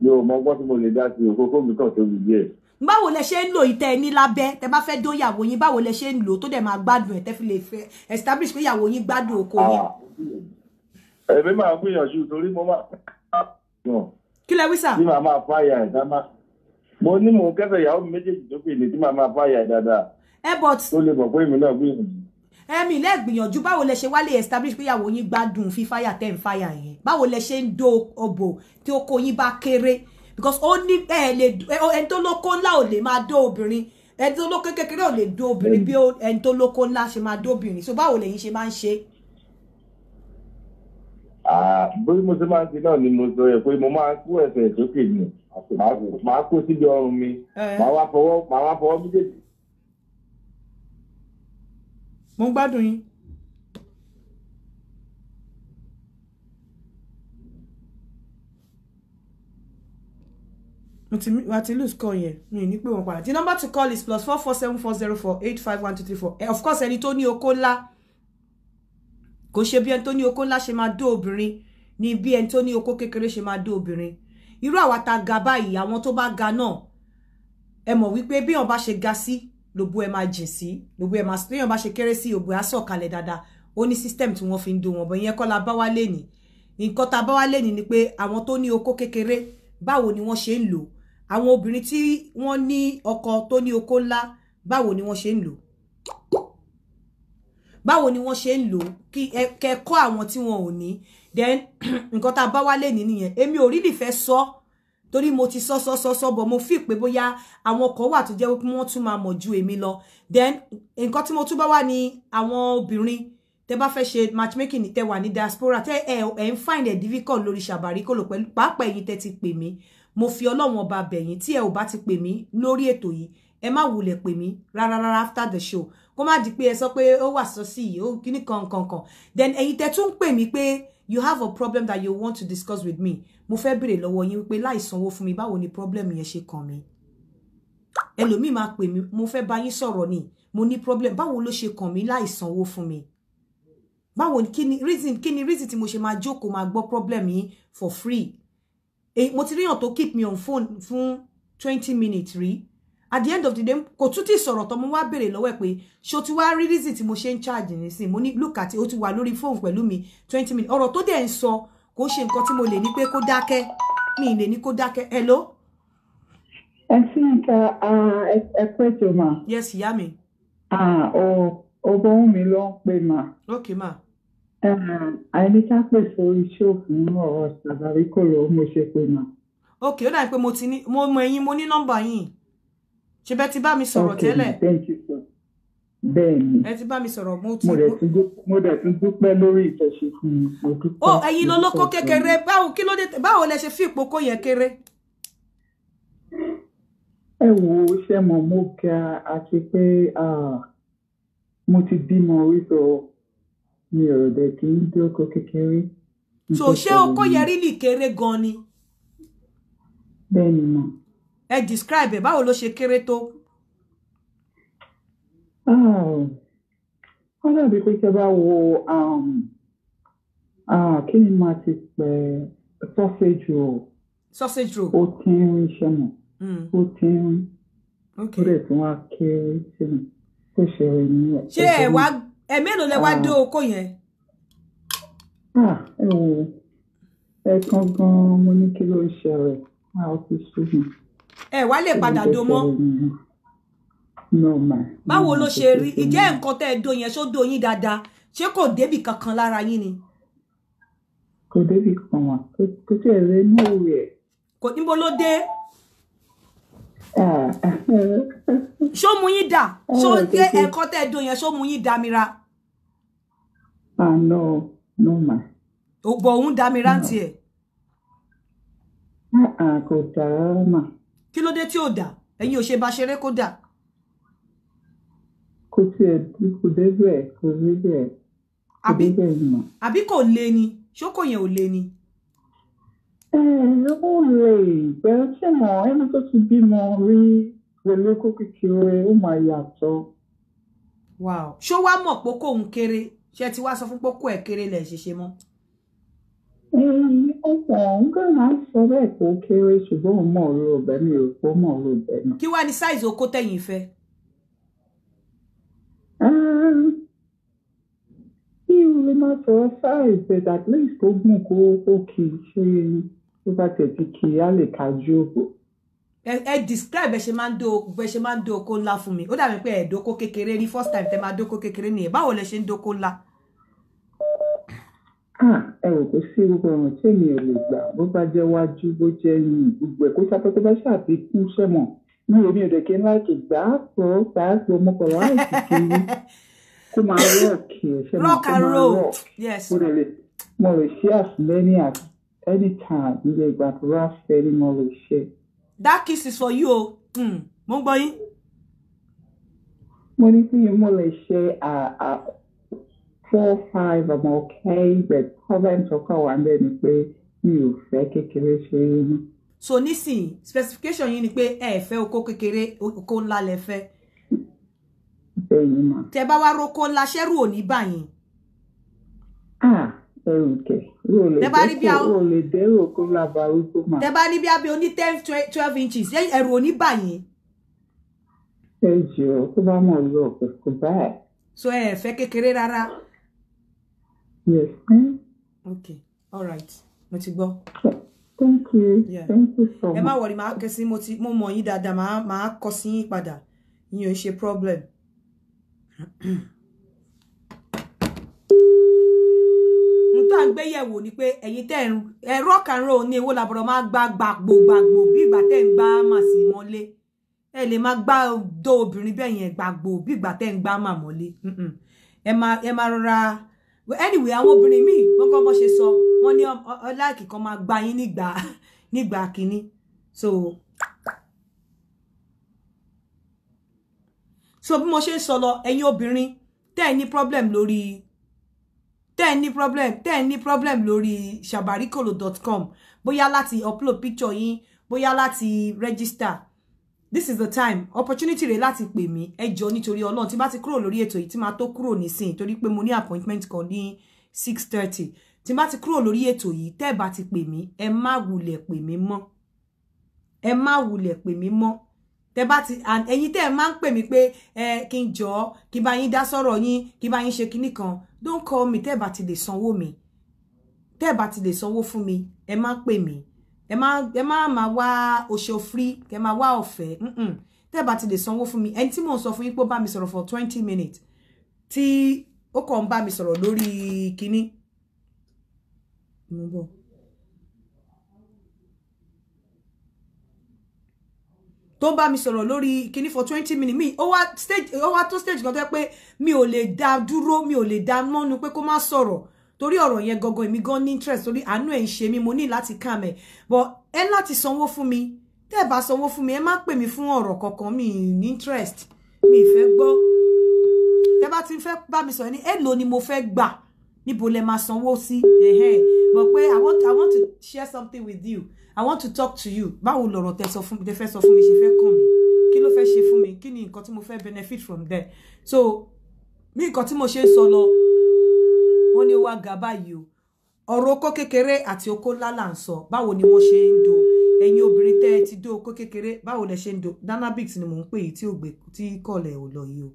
mi ò mọ gbọ́ tí mo lè dá sí òkókó mi kàn tóbi díẹ̀ báwo lẹ ṣe ń lò ìtẹ́ ẹ ní lábẹ́ tẹ bá fẹ́ dó ìyàwó yín báwo lẹ ṣe ń lò tó dẹ̀ máa gbádùn ẹ̀ tẹ́ fi lè fẹ́ establish pé ìyàwó yín gbádùn oko yín. ẹ̀mí ah. máa gbìyànjú torí mo máa. kí lẹ wí sà. bí màá máa fáyà ẹ̀ dá máa. mo ní mò ń kẹ́sẹ̀ ìyàwó mi méjèèjì tó pè ní tí màá máa fáyà ẹ̀ dáadáa. ẹ bọ̀ tó lè bọ̀ pé èmi náà gbìyànjú ẹmí eh, lẹ gbìyànjú báwo lẹ ṣe wá lè establish pé ìyàwó yín gbádùn fífáyà tẹ́ ń fáyà yẹn báwo lẹ ṣe ń do ọbọ tí oko yín bá kéré because ó ní ẹ lè ẹni tó lóko ńlá ò lè máa dó obìnrin ẹni tó lóko kékeré ò lè dó obìnrin bí ẹni tó lóko ńlá ṣe máa dó obìnrin so báwo lẹ̀yin ṣe máa ń ṣe. bí mo ṣe máa ń ṣe náà ni mo sọ yẹ pé mo máa ń kú ẹsẹ̀ sókè nù màá kó síbi ọrùn mi màá wá fọwọ́ méjèèjì. mo ń gbádùn yín. mo ti lose call yẹn mi ní pé wọn padà the number to call is plus four four seven four zero four eight five one two three four eh, of course ẹni tó ní oko ńlá kò ṣe bí ẹni tó ní oko ńlá ṣe máa dó obìnrin ni bí ẹni tó ní oko kékeré ṣe máa dó obìnrin irú àwa ta ga báyìí àwọn tó bá ga náà ẹ mọ̀ wípé bí wọn bá ṣe ga sí lòbú ẹ máa jìn sí lòbú ẹ máa sí lóyún bá ṣe kéré sí òbú á sọ̀kalẹ̀ dáadáa ó ní system tí wọ́n fi ń do wọn bọ̀ ìyẹn kọ́ la bá wá lé ní nǹkan ta bá wá lé ní ni pé àwọn tó ní oko kékeré báwo ni wọ́n ṣe ń lò ó àwọn obìnrin tí wọ́n ní ọkọ tó ní oko ńlá báwo ni wọ́n ṣe ń lò báwo ni wọ́n ṣe ń lò kí kẹ́kọ́ àwọn tí wọn ò ní then nǹkan tá a bá wálé ní nìyẹn èmi ò rí nìfẹ́ sọ torí mo ti sọ sọ sọ sọ bọ̀ mo fi pé bóyá àwọn kan wà tó jẹ́ wípé wọ́n tún máa mọ̀ ju èmi lọ then nǹkan tí mo tún bá wà ní àwọn obìnrin tẹ bá fẹ́ ṣe matchmaking tẹ wà ní diaspora tẹ ẹ ẹ ń find ẹ difficult lórí ṣàbàrí kò lò pẹ̀lú pàápàá ẹ̀yin tẹ ti pè mí mo fi ọlọ́run ọba bẹ̀yìn tí ẹ ò bá ti pè mí lórí ètò yìí ẹ má wulẹ̀ pè mí rárá rárá after the show kó má di pé ẹ sọ pé ó wà sọ́sì yìí ó kíní kan then ẹ̀yin tẹ́ tún pè mí pé you have a problem that you want to discuss with me mo fẹ́ béèrè lọ́wọ́ yín wípé láì sanwó fún mi báwo ni problem yẹn ṣe kàn mí ẹlòmíì máa pè mí mo fẹ́ bá yín sọ̀rọ̀ ni mo ní problem báwo ló ṣe kàn mí láì sanwó fún mi báwo kí ni reason kí ni reason tí mo ṣe máa jókòó máa gbọ́ problem yín for free mo ti ríyàn tó keep me on phone fún twenty minutes rí at the end of the day kò tún ti sọ̀rọ̀ tọ́ mo wá béèrè lọ́wọ́ ẹ̀ pé ti wá rí reason tí mo ṣe ń charge nísìn mo ní look at o ti wa lori phone pẹ̀lú mi twenty minutes ọ̀rọ̀ tó dẹ̀ ń sọ kò ṣe nǹkan tí mo lè ní pé kó dákẹ́ mi ì lè ní kó hello. I think nǹka ẹ pẹ́ tó mà. yes ìyá Ah, ó bọ́ wù mí ló ń pè mà. ma àìníká pèsè orí ṣó fún ọ̀rọ̀ ṣàbárí kò lọ mo ṣe pé mà. ok ó dàbí pé mo ti ní mo mọ ẹ̀yin mo ní nọ́mbà yín ṣe bẹ́ẹ̀ ti bá mi sọ̀rọ̀ tẹ́lẹ̀. ok thank you sir bẹ́ẹ̀ni ẹ ti bá mi sọ̀rọ̀ mo ti mo dẹ̀ tún dúpẹ́ lórí ìtẹ̀sí fún mi. ó ẹ̀yin lolóko kékeré báwo kí ló dé báwo lẹ ṣe fi ìpoko yẹn kéré. ẹ wo ṣe mọ mo ga àti pé ah, mo ti bímọ orí sọ mi ò dé kí n dúró kékeré. so ṣé okó yẹrí lì kéré gan ni. bẹ́ẹ̀ni mà. ẹ describe ẹ báwo ló ṣe kéré tó. Ah, ó dàbí pé tí a bá wo um, ah, kí ni màá ti pẹ́ sausage roll. sausage roll. ó tínrín ṣe mọ̀. Hmm. ó tínrín. ó dẹ̀ tún wá kéré ṣe ó ṣe rẹ̀ ní ẹ̀. ṣé ẹ wá ẹ mélòó lẹ wá ah. dé oko yẹn. Ah, ẹ wò ẹ kan gan-an mo ní kí ló ń ṣẹlẹ̀ a ah, ó fi sùn. ẹ wá lè padà do mọ́. báwo ló ṣe rí ìjẹ́ nǹkan tẹ́ ẹ do yẹn ṣó do yín dáadáa ṣé kò débì kankan lára yín ni. kò débì kan wà kò tẹ̀ lé ní òwe ẹ̀. kò níbo ló dé ṣó mu yín dà ṣó gé ẹ̀kọ́ tẹ́ ẹ dùn yẹn ṣó mu yín dà mira. ah no no ma. ògbò òun dà mira tiẹ̀. Ah, ah, kò dà rárá mà. kí ló dé tí ò dà ẹ̀yin ò ṣe bá ṣeré kó dà. kò tiẹ̀ kò dé kò rí kò dé mọ̀. àbí kò le ni ṣókò yẹn ò le ni ó lè pẹ̀lú tí mo ẹni tó ti bímọ rí relókó kékeré ó máa yàtọ̀. ṣó wàá mọ̀ pé kò ń kéré ṣé ti wá sọ fún pókó ẹ̀ kéré lẹ̀ ṣe ṣe mọ́. ọ̀pọ̀ nǹkan máa ń sọ bẹ́ẹ̀ kó kéré ṣùgbọ́n ó mọ̀ ọ́rọ́ ọ̀bẹ mi ò kó mọ̀ ọ́rọ́ ọ̀bẹ mi. kí wàá ní size okó tẹ̀yìn fẹ́. kí o lè máa sọ size but at least ó gùn kó kí ṣe tó bá tiẹ̀ ti kí i á lè kájú òkú. ẹ describe bẹ ṣe máa ń do bẹ ṣe máa ń do oko ńlá fún mi ó dàbí pé ẹ dóko kékeré ní first time tẹ máa dóko kékeré nìyẹn báwo lẹ ṣe ń dóko ńlá. Ah, ẹ rò pé sí gbogbo ọ̀ràn tí èmi ò lè gbà bó bá jẹ́ wájú bó jẹ́ yìn gbogbo ẹ̀ kó sápẹ́ tó bá ṣàfikún sẹ́mọ̀ mi ò mi ò dẹ̀ kí n kì í ṣe mo mo lè ṣe as many anytime ilé ìgbàdúrà fẹ́ ni mo lè shit. that kiss is for you o oh. hmm, mo ń gbọ́ yín. mo ní kí ni mo lè ṣe four five ọmọ okay but comment ọkọ wa ń bẹ ni pé mi ò fẹ́ kékeré ṣe é ní. so nísìnyí specification yín ni pé ẹ fẹ́ oko kékeré oko ńlá lẹ fẹ́. bẹ́ẹ̀ ni mà. tẹ bá wá roko ńlá ṣẹ́rù ò ní bàyìn. ah ẹrù kẹ rò lè dẹ́kun rò lè dẹ́rù kó làbà arúgbó mà. tẹ bá ní bí abẹ oní ten twelve inches ṣé ẹrù ò ní bà yín. ẹ jọ tó bá mọ̀ lọ kò kò báyìí. so ẹ fẹ́ kékeré rárá. yes. ok all right mo ti gbọ́. thank you yeah. thank you so much. ẹ má wọrí màá kẹ sí mo ti mo mọ̀ yín dáadáa màá màá kọ sí yín padà yín ò ṣe problem. tá ń gbé yẹ̀wò ni pé ẹ̀yin tẹ́ ẹ̀ rock and roll ní ewó làbọ̀rọ̀ máa gba gbàgbò gbàgbò bí ìgbà tẹ́ ń gbá màsì mọ́lé ẹ lè máa gbá dó obìnrin bẹ́ẹ̀ yẹn gbàgbò bí ìgbà tẹ́ ń gbá mà mọ́lé ẹ máa rọra anyway àwọn obìnrin míì wọ́n kọ́ bọ́ ṣe sọ wọ́n ní ọláìkì kan máa gba yín nígbà nígbà kínní so so bí mo ṣe ń sọ lọ ẹ̀yin obìnrin tẹ́ ẹ ní problem lórí Ten ẹ ní problem tẹ́ ẹ ní problem lórí shabarikolo.com bóyá láti upload picture yín bóyá láti register this is the time opportunity rẹ láti pè mí ẹ jọ nítorí Ọlọ́run tí bá ti kúrò lórí ètò yìí tí máa tó kúrò nísìnyí torí pé mo ní appointment kan ní six thirty tí bá ti kúrò lórí ètò yìí tẹ́ ẹ bá ti pè mí ẹ má wulẹ̀ pè mí mọ́ ẹ má wulẹ̀ pè mí mọ́ tẹ bá ti and ẹ̀yin tẹ́ máa ń pè mí pé ẹ kí n jọ kí bá yín dá sọ̀rọ̀ yín kí bá kan don't call me tẹ́ bá ti lè sanwó mi tẹ́ bá ti lè sanwó fún mi ẹ máa ń pè mí ẹ máa ẹ máa máa wá oṣù free kẹ́ máa ofe ọ̀fẹ́ tẹ́ bá ti lè sanwó fún mi ẹni tí mò ń sọ fún yín pé mi sọ̀rọ̀ for twenty minutes ti ó kàn ń mi sọ̀rọ̀ lórí kini mo bọ̀. tó ń bá mi sọ̀rọ̀ lórí kíní for twenty minutes mi ó wá stage ó wá tó stage kan tó yẹ pé mi ò lè dá dúró mi ò lè dá mọ́nu pé kó má sọ̀rọ̀ torí ọ̀rọ̀ yẹn gangan èmi gan ní interest torí àánú ẹ̀ ń ṣe mí mo ní láti calm ẹ̀ but ẹ láti sanwó fún mi tẹ́ ẹ bá sanwó fún mi ẹ má pè mí fún ọ̀rọ̀ kankan mi ní interest mi ì fẹ́ gbọ́ tẹ́ bá ti fẹ́ bá mi sọ̀rọ̀ ní èlò ni mo fẹ́ gbà níbo lẹ máa sanwó sí ẹ̀hẹ́ mọ̀ pé I want I want to share something with you i want to talk to you báwo lọ̀rọ̀ tẹ sọ fún mi tẹ fẹ́ sọ fún mi ṣe fẹ́ kàn mí kí ló fẹ́ ṣe fún mi kí ni nǹkan tí mo fẹ́ benefit from there so mi nǹkan tí mo ṣe ń sọ lọ wọ́n ní ó wá ga báyìí o ọ̀rọ̀ okó kékeré àti okó ńlá là ń sọ báwo ni mo ṣe ń do ẹ̀yin obìnrin tẹ́ ẹ ti dó okó kékeré báwo lẹ ṣe ń do dynamics ni mò ń pè yìí tí kọ̀ọ̀lẹ̀ ò lọ yìí o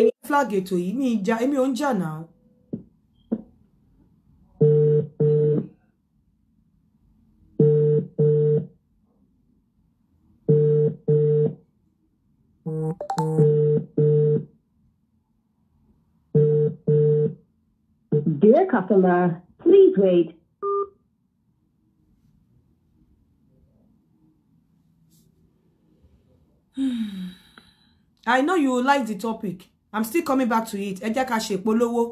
ẹ̀yin flag ètò yìí mi ja èmi ò ń jà náà. Dear customer, please wait. I know you like the topic i'm still coming back to it ẹ jẹ́ ká ṣe ìpolówó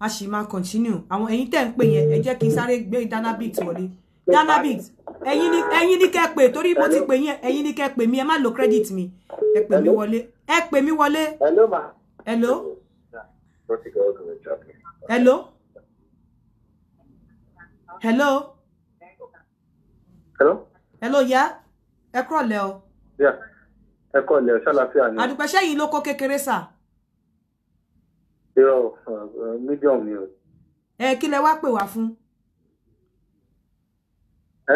a sì máa continue àwọn ẹ̀yin tẹ́ ń pè yẹn ẹ jẹ́ kí n sáré gbé danabit wọlé danabit ẹ̀yin ni ẹ̀yin ni kẹ́ pè torí mo ti pè yẹn ẹ̀yin ni kẹ́ pè mí ẹ má lo credit mi ẹ pè mí wọlé ẹ pè mí wọlé. hello ma. hello. hello. hello. hello. hello ya ẹ kúrọ̀lẹ́ o. ẹ kúrọ̀lẹ́ o ṣàlàfíà ni. àdùpẹ̀ṣẹ́ yìí ló kó kékeré sáà irọ́ medium ni o. ẹ kí lẹ wá pè wá fún.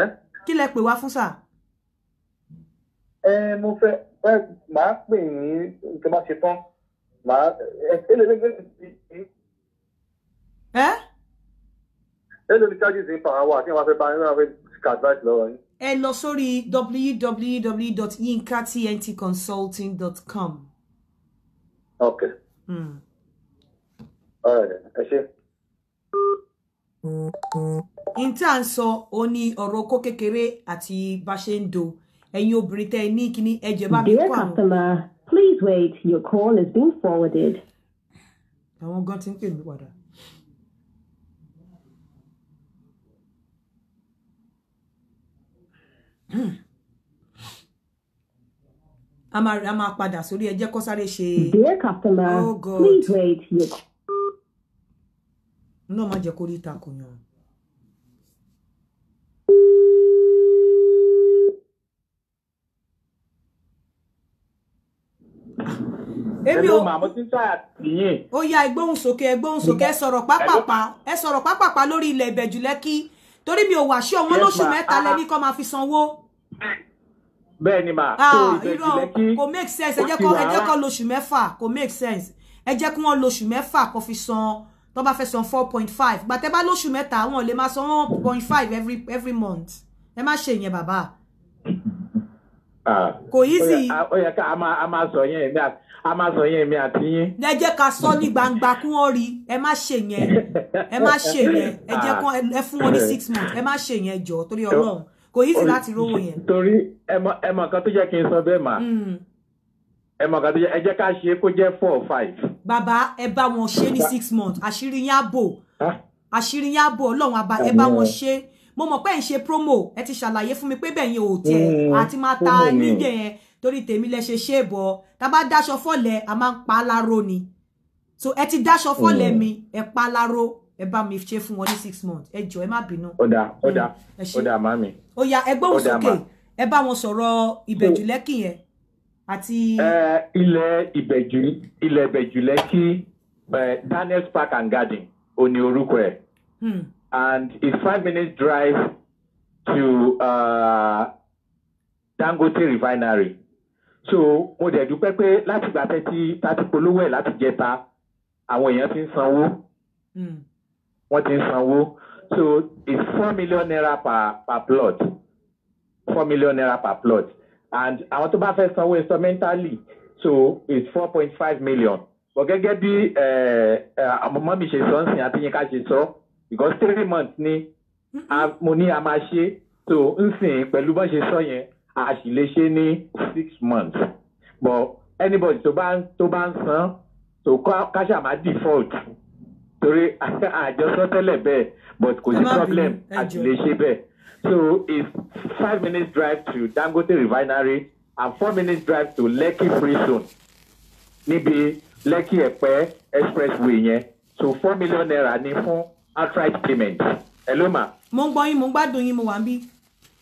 ẹ. kí lẹ pè wá fún sà. ẹ mo fẹ́ ẹ màá pè yín tó bá ṣe tán màá ẹ ẹ lè gbé mi. ẹ. ẹ lórí charges ní pàrọwà tí wọn fẹ́ bá yín wọn fẹ́ ṣe advice lọ́wọ́ yín. Ẹ lọ sórí www.yinkatntconsulting.com. Okay. Mm ẹ ṣe. n tí a ń sọ ó ní ọ̀rọ̀ oko kékeré àti bá ṣe ń do ẹ̀yin obìnrin tẹ́ ẹ ní kíní ẹ̀jẹ̀ bá mi kó àwọn. dear customer please wait your call is being forwarded. àwọn gan ti ń pè mí padà. a máa padà sórí ẹ jẹ́ kó sáré ṣe. dear customer oh please wait your call náà má jẹ́ kó rí ìtakùn yàn. Ah, èmi ò ó ya ẹgbóhùn sókè ẹgbóhùn sókè ẹ sọ̀rọ̀ pápápá ẹ sọ̀rọ̀ pápápá lórí ilẹ̀ ìbẹ̀jù lẹ́kí torí mi ò wà sí ọmọ lóṣù mẹ́ta lẹ́ni ah. kọ́ máa fi sanwó. bẹ́ẹ̀ ni màá tó ìbẹ̀jù lẹ́kí kò make sense ẹ jẹ́ kó lóṣù mẹ́fà kò make sense ẹ jẹ́ kí wọ́n lóṣù mẹ́fà kó fi san tó bá fẹ́ san four point five gbàtẹ́ bá lóṣù mẹ́ta wọn ò lè máa san one point five every every month ẹ má ṣe ìyẹn bàbá ah. kò yí sí. ó yẹ ká a máa sọ yẹn èmi a máa sọ yẹn èmi àti yín. ẹ jẹ́ ká sọ ní gbangba kí wọ́n rí ẹ má ṣe yẹn ẹ má ṣe yẹn ẹ jẹ́ kó ẹ fún wọn ní six months ẹ má ṣe yẹn jọ torí ọlọ́run kò yí sí láti rówó yẹn. torí ẹ mọ̀ kan tó jẹ́ kí n sọ bẹ́ẹ̀ mà hmm. ẹ mọ̀ kan tó jẹ́ ẹ jẹ́ ká ṣe kó jẹ́ four or five. Baba, ẹ bá wọn ṣe ní six months àṣírí yín á bò àṣírí yín á bò ọlọ́run àbá ẹ bá wọn ṣe mo mọ̀ pé ẹ̀ ń ṣe promo ẹ ti ṣàlàyé fún mi pé bẹ́ẹ̀ yẹn ò tẹ̀ àti hmm. máa ta nígbẹ̀ yẹn torí tèmi lẹ ṣe é bọ̀ tá dáṣọ fọ́lẹ̀ a máa ń pa á láró ni so ẹ ti dáṣọ fọ́lẹ̀ hmm. mi ẹ pa á láró ẹ bá mi ṣe fún wọn ní six months ẹ jọ ẹ má bínú. ọ̀dà ọ̀dà ọ̀dà màmí. ó yá ẹ gbóhùn sókè ẹ bá wọn sọ̀rọ̀ ìbẹ̀jú lẹ́kì yẹn àti. ilẹ̀ ìbẹ̀jú ilẹ̀ ìbẹ̀jú lẹ́kí daniels park and garden ò orúkọ ẹ̀ hmm. and it's five minutes drive to uh, dangote refinery so mo dẹ̀ dúpẹ́ pé láti gbà tẹ́ tí tá ti polówó ẹ̀ láti jẹta àwọn èèyàn ti ń sanwó hmm. wọ́n ti ń sanwó so it's four million naira per per plot four million naira per plot and àwọn tó bá fẹ́ sanwó instrumentally so it's four point five million but gẹ́gẹ́ bí àmọ́mọ́ eh, eh, mi ṣe sọ ń sìn àti yínká ṣe sọ because three months ni mo ní a máa ṣe so ń sìn pẹ̀lú bọ́n ṣe sọ yẹn a sì lè ṣe ní six months but anybody tó bá tó bá ń san so káṣà máa default torí àjọsọ tẹ́lẹ̀ bẹ́ẹ̀ but kò sí problem a sì lè ṣe bẹ́ẹ̀. So it's five minutes drive to Dangote Refinery and four minutes drive to Lekki Free Zone níbi Lekki Ẹ̀pẹ́ expressway yẹn. So four million naira ni fún outright payment. Hello ma. Mo ń gbọ́ yín, mo ń gbádùn yín, mo wà ń bí.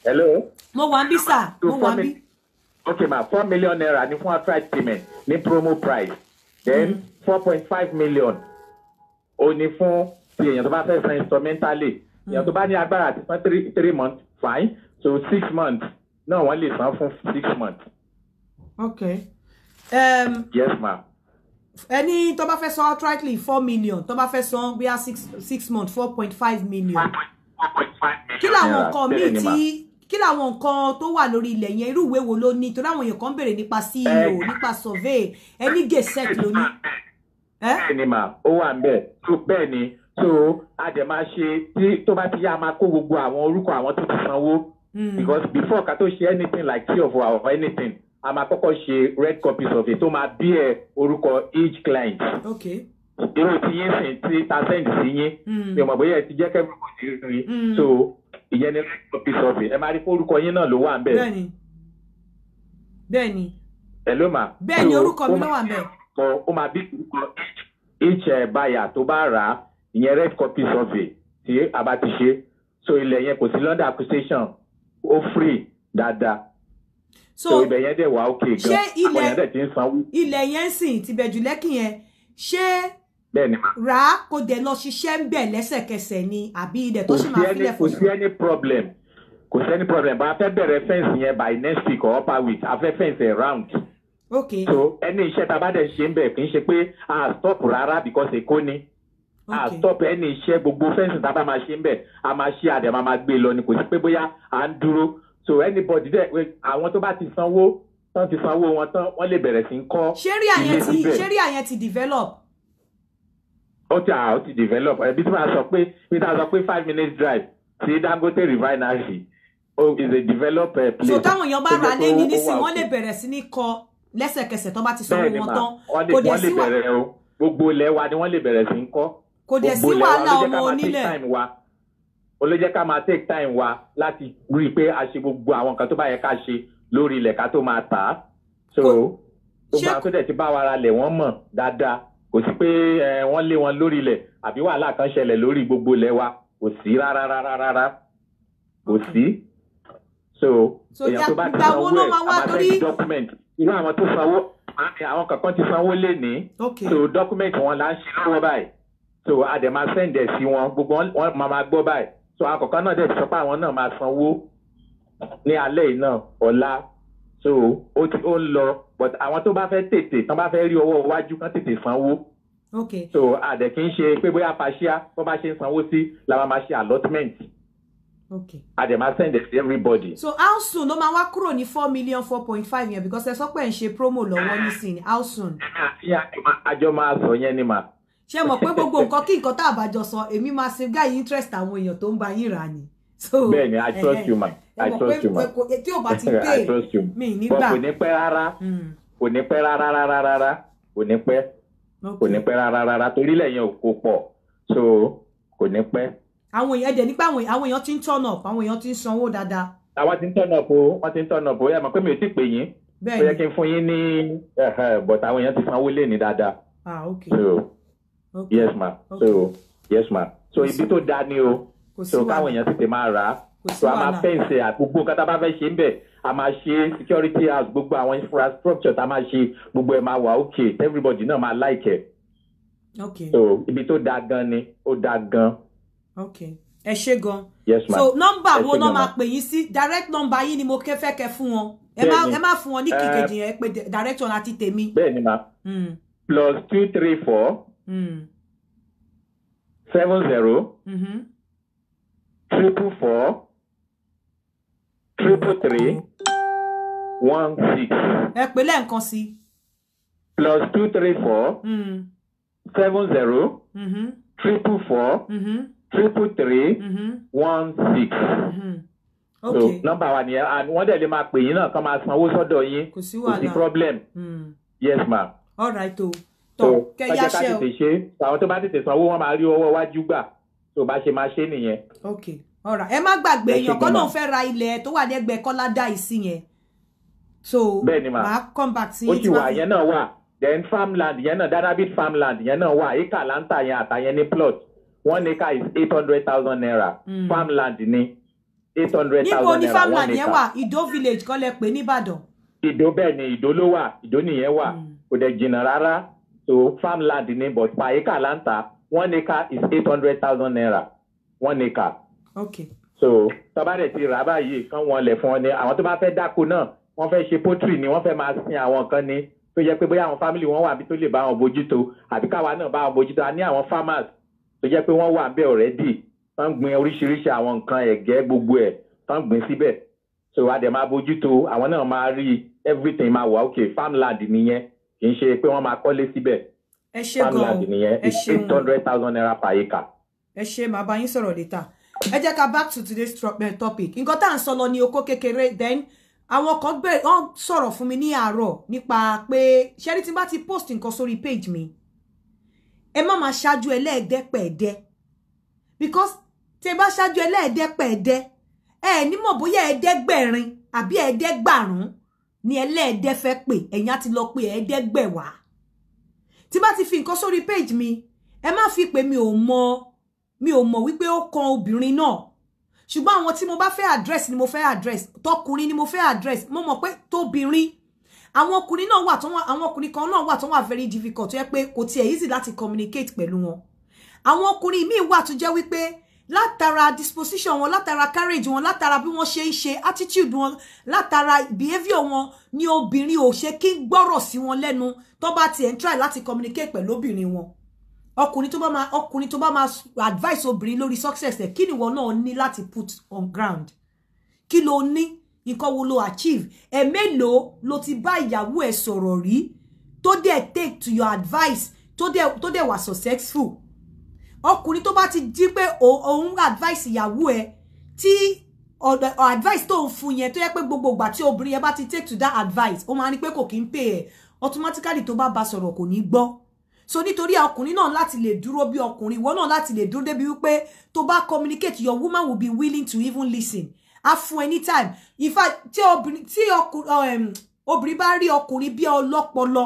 Hello. Mo wà ń bí sà, mo wà ń bí. Okay ma, four million naira ni fún outright payment ní promo price. Then mm-hmm. four point five million o ní fún ti èèyàn tó bá fẹ́ san instrumentally Mm. ìyẹn tó bá ní agbára àti san three three months fine so six months náà wọ́n lè san fún six months. ok. Um, yes ma. ẹni tó bá fẹ́ san outrightly four million tó bá fẹ́ san bíi six six months four point five million. four point five million. kí làwọn nǹkan míì tí kí làwọn nǹkan tó wà lórí ilẹ̀ yẹn irú ìwé wo ló ní torí àwọn èèyàn kan béèrè nípa ceo eh, nípa survey ẹni gẹ̀ẹ́sẹ̀t ló ní. Eh, bẹ́ẹ̀ ni mà ó wà ń bẹ̀ bẹ́ẹ̀ ni so a dẹ̀ máa ṣe tí tó bá ti yá a máa kó gbogbo àwọn orúkọ àwọn tó ti sanwó hmm. because before ká tó ṣe anything like three of our or anything a máa kọ́kọ́ ṣe red copies of it tó máa bí ẹ orúkọ each client. Okay irú tí yín sìn tí ta send sí yín hmm. mi ò bóyá ẹ ti jẹ́ kẹ́kọ̀ọ́ kò sí rí hmm. so ìyẹn ni red copy it. ẹ máa rí orúkọ yín náà ló wà ń bẹ̀. bẹ́ẹ̀ni hello ma. bẹ́ẹ̀ni orúkọ mi ló wà ń bẹ̀. ó bí orúkọ each eh, buyer tó bá rà á ìyẹn red copy survey tí a bá ti ṣe so ilẹ̀ yẹn kò sí london accusation ó free dáadáa so ibẹ̀ yẹn dẹ̀ wá òkè gan ṣé ilẹ̀ ilẹ̀ yẹn sìn tìbẹ̀jùlẹ́kì yẹn ṣé rà á kó dẹ̀ lọ ṣiṣẹ́ ń bẹ̀ lẹ́sẹ̀kẹsẹ̀ ni àbí ilẹ̀ tó ṣì máa filẹ̀ fún mi. kò sí any problem kò sí any problem bá a fẹ́ bẹ̀rẹ̀ fẹ́ǹsì yẹn by next week or upper week a fẹ́ fẹ́ǹsì ẹ̀ round. ok so ẹni iṣẹ́ tá a bá dẹ̀ ṣe ń bẹ̀ kì í ṣe pé a stop rárá because èkó ni a ah, stop ẹni iṣẹ́ gbogbo fẹ́ǹsì tá a bá máa ṣe ń bẹ̀ a máa ṣe àdẹ̀ máa máa gbé lọ ni kò sí pé bóyá à ń dúró so anybody dẹ̀ àwọn tó bá ti sanwó tán ti sanwó wọn tán wọ́n lè bẹ̀rẹ̀ sí ń kọ́ ilé síbẹ̀. ṣé rí àyẹn ti develop ó ti ó ti develop ẹbí tí màá sọ pé bí tá a sọ pé five minutes drive sí Dangote refinery oh is a develop eh, place. so táwọn èèyàn bá ra lé ní nísìnyí wọ́n lè bẹ̀rẹ̀ sí ní kọ́ lẹ́sẹ̀kẹsẹ̀ tó bá ti sanwó wọn tán kò dé sí wa. bẹ́ẹ̀ni ma wọ́n lè bẹ̀rẹ̀ o gbogbo ilẹ̀ wa ni wọ́n lè bẹ̀rẹ̀ sí ń kọ́ kò dẹ̀ sí wàhálà ọmọ onílẹ̀ ó lè jẹ́ ká máa take time wa láti rí i pé a ṣe gbogbo àwọn nǹkan tó bá yẹ ká ṣe lórí ilẹ̀ ká tó máa tà á so gbogbo àwọn tó dẹ̀ ti bá wa ra lẹ̀ wọ́n mọ̀ dáadáa kò sí pé wọ́n lé wọn lórí ilẹ̀ àbí wàhálà kan ṣẹlẹ̀ lórí gbogbo ilẹ̀ wa kò sí rárá rárá rárá kò sí so èèyàn tó bá ti sanwó ẹ̀ àbájáde document irú àwọn tó sanwó àwọn kankan ti sanwó lé ní so document wọn là ń ṣe lọ́wọ́ báyìí so a máa send sí wọn gbogbo wọn máa gbọ́ báyìí so àkọ́kọ́ náà dẹ̀ sọ pé àwọn náà máa sanwó ní alẹ́ yìí náà ọ̀la so ó ti ó ń lọ but àwọn tó bá fẹ́ tètè tán bá fẹ́ rí owó iwájú kán tètè sanwó okay so a kì í ṣe pé bóyá pàṣíà tó bá ṣe ń sanwó sí la máa ṣe allotment okay máa send it everybody. so how soon ló máa wá kúrò ní four million four point five yẹn because ẹ sọ pé ẹ ń ṣe promo lọ́wọ́ nísìnyí how soon. àjọ máa sọ yẹn ni màá ṣe mọ̀ pé gbogbo nǹkan kí nǹkan tá a bá jọ sọ èmi máa ṣe gáì interest àwọn èèyàn tó ń bá yín rà ni. bẹ́ẹ̀ni i trust you ma i trust you ma eh, tí o bá ti dé mi nígbà kò ní pẹ́ rárá hmm. kò ní pẹ́ rárá rárá rárá kò ní pẹ́ kò ní pẹ́ rárá rárá torí lẹ́yìn òkú pọ̀ so kò ní pẹ́. àwọn èèyàn dẹ̀ nípa àwọn èèyàn ti ń turn up àwọn èèyàn ti ń sanwó dáadáa. àwa ti ń turn up o wọ́n ti ń turn up o ẹ mọ̀ pé mi ò tí ì pè yín bẹ́ẹ̀ni ó yẹ kí n fún yín ní but àwọn èèyàn ti sanwó lé ní dáadáa. ah ok so okay. yes ma okay. so yes ma so ibi tó dá ni o so káwọn èèyàn tètè máa rà á so a máa fẹ́ǹsì àgbogbo nǹkan tá a bá fẹ́ ṣe ń bẹ̀ a máa ṣe security house gbogbo àwọn infrastructure tá a máa ṣe gbogbo ẹ̀ máa wà ok everybody náà máa like ẹ̀ okay. so ibi tó dáa gan ni ó dáa gan. okay ẹ ṣe gan. yes ma so nọ́mbà wo náà máa pè yín sí direct number yín ni mo kẹ́ fẹ́ kẹ́ fún wọn ẹ má fún wọn ní kíkejì eh. yẹn pé direct one àti tèmi. bẹ́ẹ̀ni ma hmm. plus two three four seven zero mm-hmm. triple four triple three one six. ẹ pè lẹ́ẹ̀kan sí plus two three four mm. seven zero mm-hmm. triple four mm-hmm. triple three one six. Okay. so number wa nìyẹn and wọ́n dẹ̀ lè máa pè yín náà kán máa sanwó sọ́dọ̀ yín kò sí problem. Mm. yes ma'am. all right o. Oh tọ̀ kẹyà ṣe o. tọ́jà ká tètè ṣe àwọn tó bá tètè sanwó wọn máa rí owó wájú gbà tó bá ṣe máa ṣe nìyẹn. ok ọ̀rà ẹ má gbàgbé èèyàn kan náà fẹ́ ra ilẹ̀ tó wà lẹ́gbẹ̀ẹ́ kọ́lá dá ìsìn yẹn so màá come back sí. ó ti wà yẹn náà wà then farmland yẹn náà danabit farmland yẹn náà wà eka lanta yẹn àtàyẹn ní plot one acre is eight hundred thousand naira hmm. farmland ni eight hundred thousand naira one acre. níbo ni farmland yẹn wà ìdó village kọ́lẹ̀ pé nìbàdàn. ìdó bẹ́ẹ̀ ni ìdó ló wà ìdó nìyẹn wà hmm. kò dẹ̀ jìnnà rárá so farmland ni but per acre la one acre is eight hundred thousand naira one acre. okay. so tọ́bárẹ̀ ti rà báyìí kán wọn lẹ̀ fún ọ ní àwọn tó bá fẹ́ dáko náà wọ́n fẹ́ ṣe poultry ni wọ́n fẹ́ máa sin àwọn kan ni tó yẹ pé bóyá àwọn family wọn wà bí tó lè bá wọn bójútó àbí káwa náà bá wọn bójútó a ní àwọn farmers tó jẹ́ pé wọ́n wà bẹ́ẹ̀ ọ̀rẹ́dì wọ́n gbin oríṣiríṣi àwọn nǹkan ẹ̀gẹ́ gbogbo ẹ̀ wọ́n gbin síbẹ̀ so a dẹ̀ máa bójútó àwọn náà máa rí everything máa wà ok farmland nìyẹn kì í ṣe pé wọ́n máa kọ́lé síbẹ̀ farmland nìyẹn it's eight hundred thousand naira per acre. ẹ ṣe màá bá yín sọ̀rọ̀ later ẹ jẹ́ ká back to today's eh, topic nǹkan tá à ń sọ lọ ní oko kékeré then àwọn kan gbé wọn sọ̀rọ̀ fún mi ní àárọ̀ nípa pé ṣẹ́rí tí n bá ti post nǹkan sórí page mi ẹ má máa ṣáájú ẹlẹ́ẹ̀dẹ́pẹ̀ẹ́dẹ́ because tí ẹ bá ṣáájú ẹlẹ́ẹ̀dẹ́pẹ̀ẹ́dẹ́ ẹ ní mọ̀ bóyá ẹ̀ẹ́dẹ́gbẹ̀rin àbí ẹ̀ẹ́dẹ́gbàrún ni ẹlẹ́ẹ̀dẹ́ fẹ́ pè ẹ̀yin á ti lọ pé ẹ̀ẹ́dẹ́gbẹ̀wá tí bá ti fi nǹkan sórí page mi ẹ má fi pé mi ò mọ mi ò mọ̀ wípé ó kan obìnrin náà ṣùgbọ́n àwọn tí mo bá fẹ́ address ni mo fẹ́ address tọkùnrin ni mo fẹ́ address mo mọ̀ pé tóbìnrin àwọn ọkùnrin náà wà tó wọn àwọn ọkùnrin kan náà wà tó wà very difficult tó yẹ pé kò tiẹ̀ easy láti communicate pẹ̀lú wọn àwọn ọkùnrin míì wà tó jẹ́ wípé látara disposition wọn látara courage, wọn látara bí wọ́n ṣe ń ṣe attitude wọn látara behavior, wọn ni obìnrin ò ṣe kí ń gbọ́rọ̀ sí wọn lẹ́nu tó bá tiẹ̀ ń try láti communicate pẹ̀lú obìnrin wọn ọkùnrin tó bá máa ọkùnrin tó bá máa advice obìnrin lórí success ẹ̀ kí ni ìwọ náà ní láti put on ground kí ló ní nǹkan wo lo achieve ẹ̀ mélòó lo ti bá ìyàwó ẹ̀ sọ̀rọ̀ rí tó dẹ̀ take to your advice tó dẹ̀ tó dẹ̀ wà successful ọkùnrin tó bá ti jí pé òun advice ìyàwó ẹ tí ọ̀dọ̀ advice tó ń fún yẹn tó yẹ pé gbogbo ìgbà tí obìnrin yẹn bá ti take to that advice ó máa ní pé kò kí ń pè ẹ automatically tó bá ba sọ̀rọ̀ kò ní gbọ́ so nítorí ọkùnrin náà láti lè dúró bí ọkùnrin ìwọ náà láti lè dúró débi wípé tó bá communicate your woman will be willing to even listen á fún ẹ ní time in fact tí obìnrin um, bá rí ọkùnrin bí ọlọ́pọlọ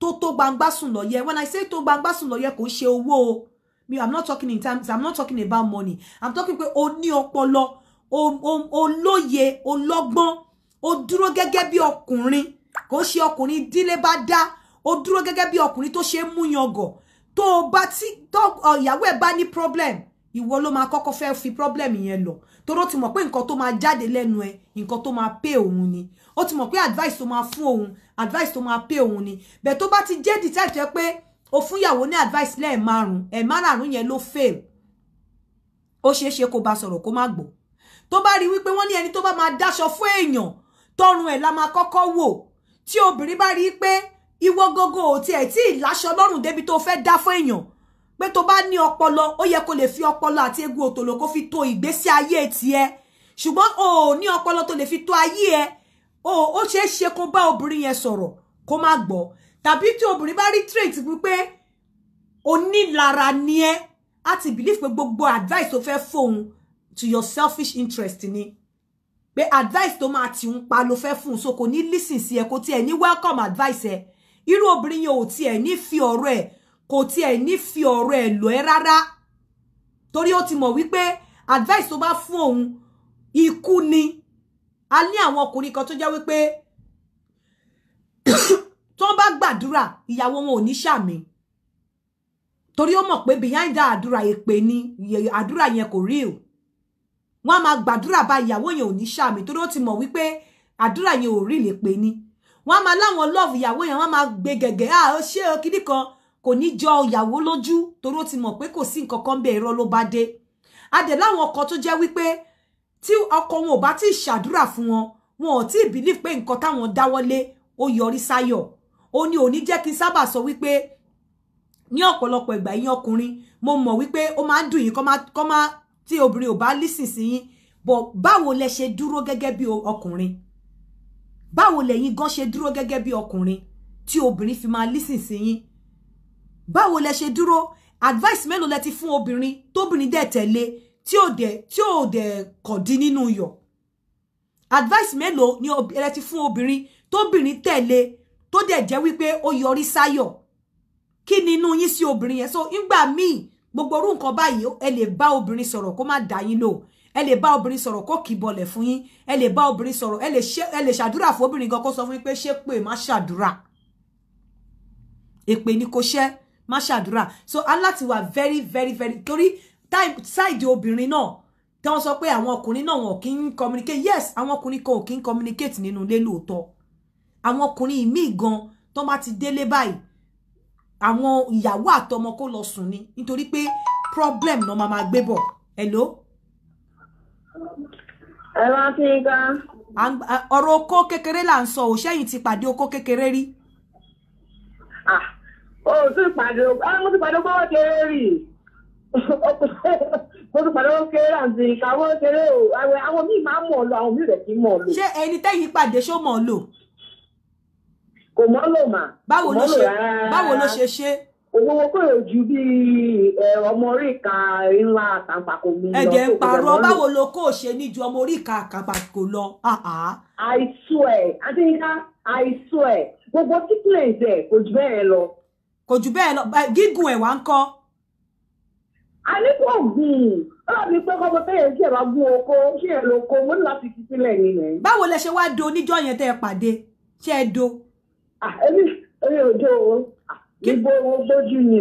tó tó gbangbásùn lọ́yẹ when i say tó gbangbásùn lọ́yẹ kò ń ṣe owó o me i'm not talking in terms i'm not talking about money i'm talking pé o ní ọpọlọ o lóye o lọ́gbọ́n o dúró gẹ́gẹ́ bí ọkùnrin kò ṣe ọkùnrin dílé bá dá o dúró gẹ́gẹ́ bí ọkùnrin tó ṣe mú yangàn tó o bá tí ìyàwó ẹ̀ bá problem ìwọ ló máa kọ́kọ́ fẹ́ fi problem yẹn lọ toró ti mọ̀ pé nǹkan tó máa jáde lẹ́nu ẹ nǹkan tó máa pay òun ni ó ti mọ̀ pé advice tó máa fún òun advice tó máa pay òun ni bẹ́ẹ̀ tó bá ti jẹ́ dìtẹ́ jẹ́ pé o fún ìyàwó ní advice lẹ́ẹ̀márùn ẹ̀ẹ̀márùn yẹn ló fail ó ṣeé ṣe ko bá sọ̀rọ̀ kó má gbọ́ tó bá rí wípé wọ́n ní ẹni tó bá máa dáṣọ fún èèyàn tọrùn ẹ̀ la máa kọ́kọ́ wò tí obìnrin bá rí pé ìwọ gógó ò tiẹ̀ tí ì láṣọ lọ́rùn débi tó fẹ́ dá fún èèyàn pé tó bá ni ọpọlọ ó yẹ kó lè fi ọpọlọ àti egun òtòlò kó fi to ìgbésí ayé e ṣùgbọ́n o ò ní ọpọlọ tó fi to ayé ẹ o ó ṣeé ṣe kó bá obìnrin yẹn sọ̀rọ̀ kó má gbọ́ tàbí tí obìnrin bá rí trait wípé onílara ni ẹ á ti believe pé gbogbo advice tó fẹ́ fóun to your selfish interest ni pé advice tó máa ti ń pa ló fẹ́ fún so kò ní listen sí ẹ kò tiẹ̀ ní welcome advice ẹ irú obìnrin yẹn ò tiẹ̀ ní fi ọ̀rọ̀ ẹ kò tiẹ̀ ní fi ọ̀rọ̀ ẹ lọ ẹ rárá torí ó ti mọ̀ wípé advice tó bá fún òun ikú ni a ní àwọn ọkùnrin kan tó jẹ́ wípé tó ń bá gbàdúrà ìyàwó wọn ò ní ṣàmì torí ó mọ̀ pé behind that àdúrà èpè ni àdúrà yẹn kò real wọ́n á máa gbàdúrà bá ìyàwó yẹn ò ní ṣàmì torí ó ti mọ̀ wípé àdúrà yẹn ò real èpè ni wọ́n á máa láwọn love ìyàwó yẹn wọ́n á máa gbé gẹ̀gẹ̀ ah ó ṣe é kíní kan kò ní jọ ìyàwó lójú torí ó ti mọ̀ pé kò sí nǹkan kan bẹ́ẹ̀ irọ́ ló bá dé adẹ̀ láwọn ọkọ tó jẹ́ wípé tí ọkọ wọn ò bá ti ṣàdúrà fún wọn wọn ò tí ì bìlíf pé nǹkan táwọn dáwọ́lé ó yọrí sáyọ̀ ó ní òní jẹ́ kí n sábà sọ wípé ní ọ̀pọ̀lọpọ̀ ìgbà yín ọkùnrin mo mọ̀ wípé ó máa ń dùn yín kọ́ máa tí obìnrin ò bá lísìn sí yín bọ̀ báwo lẹ ṣe dúró gẹ́gẹ́ bí ọkùnrin báwo lẹ̀yin gan ṣe duro gẹ́gẹ́ bí ọkùnrin tí obìnrin fi máa lísìn sí yín báwo lẹ ṣe dúró advice mélòó lẹ ti fún obìnrin tóbìnrin dẹ̀ tẹ̀lé tí ò dẹ̀ tí ò dẹ̀ kàn dín nínú yọ̀ advice mélòó ni lẹ ti fún to tóbìnrin tele tó dẹ̀ jẹ́ wípé ó yọrí sáyọ̀ kí ni inú yín sí obìnrin yẹn so nígbà míì gbogbo orú nǹkan báyìí ẹ lè bá obìnrin sọ̀rọ̀ kó má dá yín lò ẹ lè bá obìnrin sọ̀rọ̀ kó kì í bọlẹ̀ fún yín ẹ lè bá obìnrin sọ̀rọ̀ ẹ lè ṣàdúrà fún obìnrin gan kó sọ fún yín pé ṣé pé má ṣàdúrà èpè ni kò ṣẹ́ má ṣàdúrà so aláti wà very very very torí ṣáìdì obìnrin náà tí wọ́n sọ pé àwọn ọkùnrin náà wọn kì í communicate yes àwọn ọkùnrin kan ò kì í communicate nínú ilé lóòótọ́ àwọn ọkùnrin míì gan tó bá ti délé báyìí àwọn ìyàwó àtọmọ kó lọ sùn ni nítorí pé problem náà máa máa gbé bọ̀ hello. ẹ máa fi gan. ọ̀rọ̀ okó kékeré là ń sọ ò sẹ́yìn ti pàdé okó kékeré rí. ó tún pàdé okó ó tún pàdé okó kékeré rí mo tún padà wọn kéré àǹtí káwọn kéré o àwọn míì máa mọ̀ ọ́ lọ àwọn míì rẹ̀ kì í mọ̀ ọ́ lò. ṣé ẹni tẹ́yìn pàdé ṣó mọ̀ ọ́ lò kò mọ́ lò mà báwo ló ṣe báwo ló ṣe ṣe. òwòwò kò ju bí ọmọ orí ìka ńlá àtàǹpàkò mi lọ. ẹ̀jẹ̀ ń parọ́ báwo lo kò ṣe ní ju ọmọ orí ìka àtàǹpàkò lọ. I swear Adéyínká I swear gbogbo sickness ẹ̀ kò jù bẹ́ẹ̀ lọ. kò jù bẹ́ẹ̀ lọ gígùn ẹ̀ wá ń kọ́. a ní kò gùn ọlọ́ọ̀ni pé kọ́mọ tẹ́yẹ̀ sí ẹ̀rọ agún oko ṣé ẹ̀ lóko mo ní láti fi sílẹ̀ yìí báwo lẹ ṣe wá do oníjọ́ yẹn tẹ́ ẹ pàdé ṣé ẹ do. Ah, ẹyẹ ah, o tàbí mí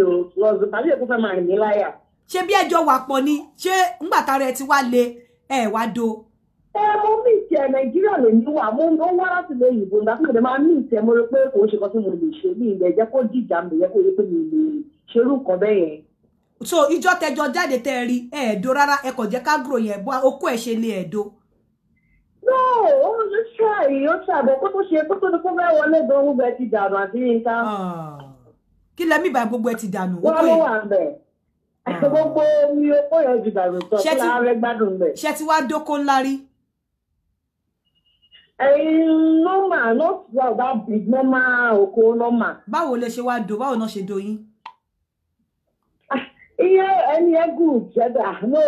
ṣé bí ẹjọ́ wà pọ̀ ni ṣé ngbàtà rẹ ti wá le ẹ wá do. ẹ mo mí ìtì ẹ nàìjíríà lè ní wà mo wá láti lè yìnbọn nígbà ṣe kan tí mo lè ṣe ilẹ̀ jìjà mi yẹ kó yẹ pé so ìjọ tẹjọ jáde tẹ ẹ rí rárá ẹ kò tó ó ń ṣàì ó ṣàbẹ̀ kó tó ṣe kó tó ní kó fẹ́ wọlé gan gbogbo ẹ ti dànù àbí nǹkan. Ah. kí lẹ́mí ìbá gbogbo ẹ ti dànù. wọ́n ló wà ń bẹ̀ ah. gbogbo omi owó yẹn ju dànù tán kí láàárẹ̀ gbádùn bẹ̀. ṣé ti wá dóko ńlá rí. ẹyin nọ́mà nọ́ọ̀sì wa ò bá bì nọ́mà òkò nọ́mà. báwo lẹ ṣe wá do báwo náà ṣe do yín ah, iye ẹni ẹgùn jẹdà ló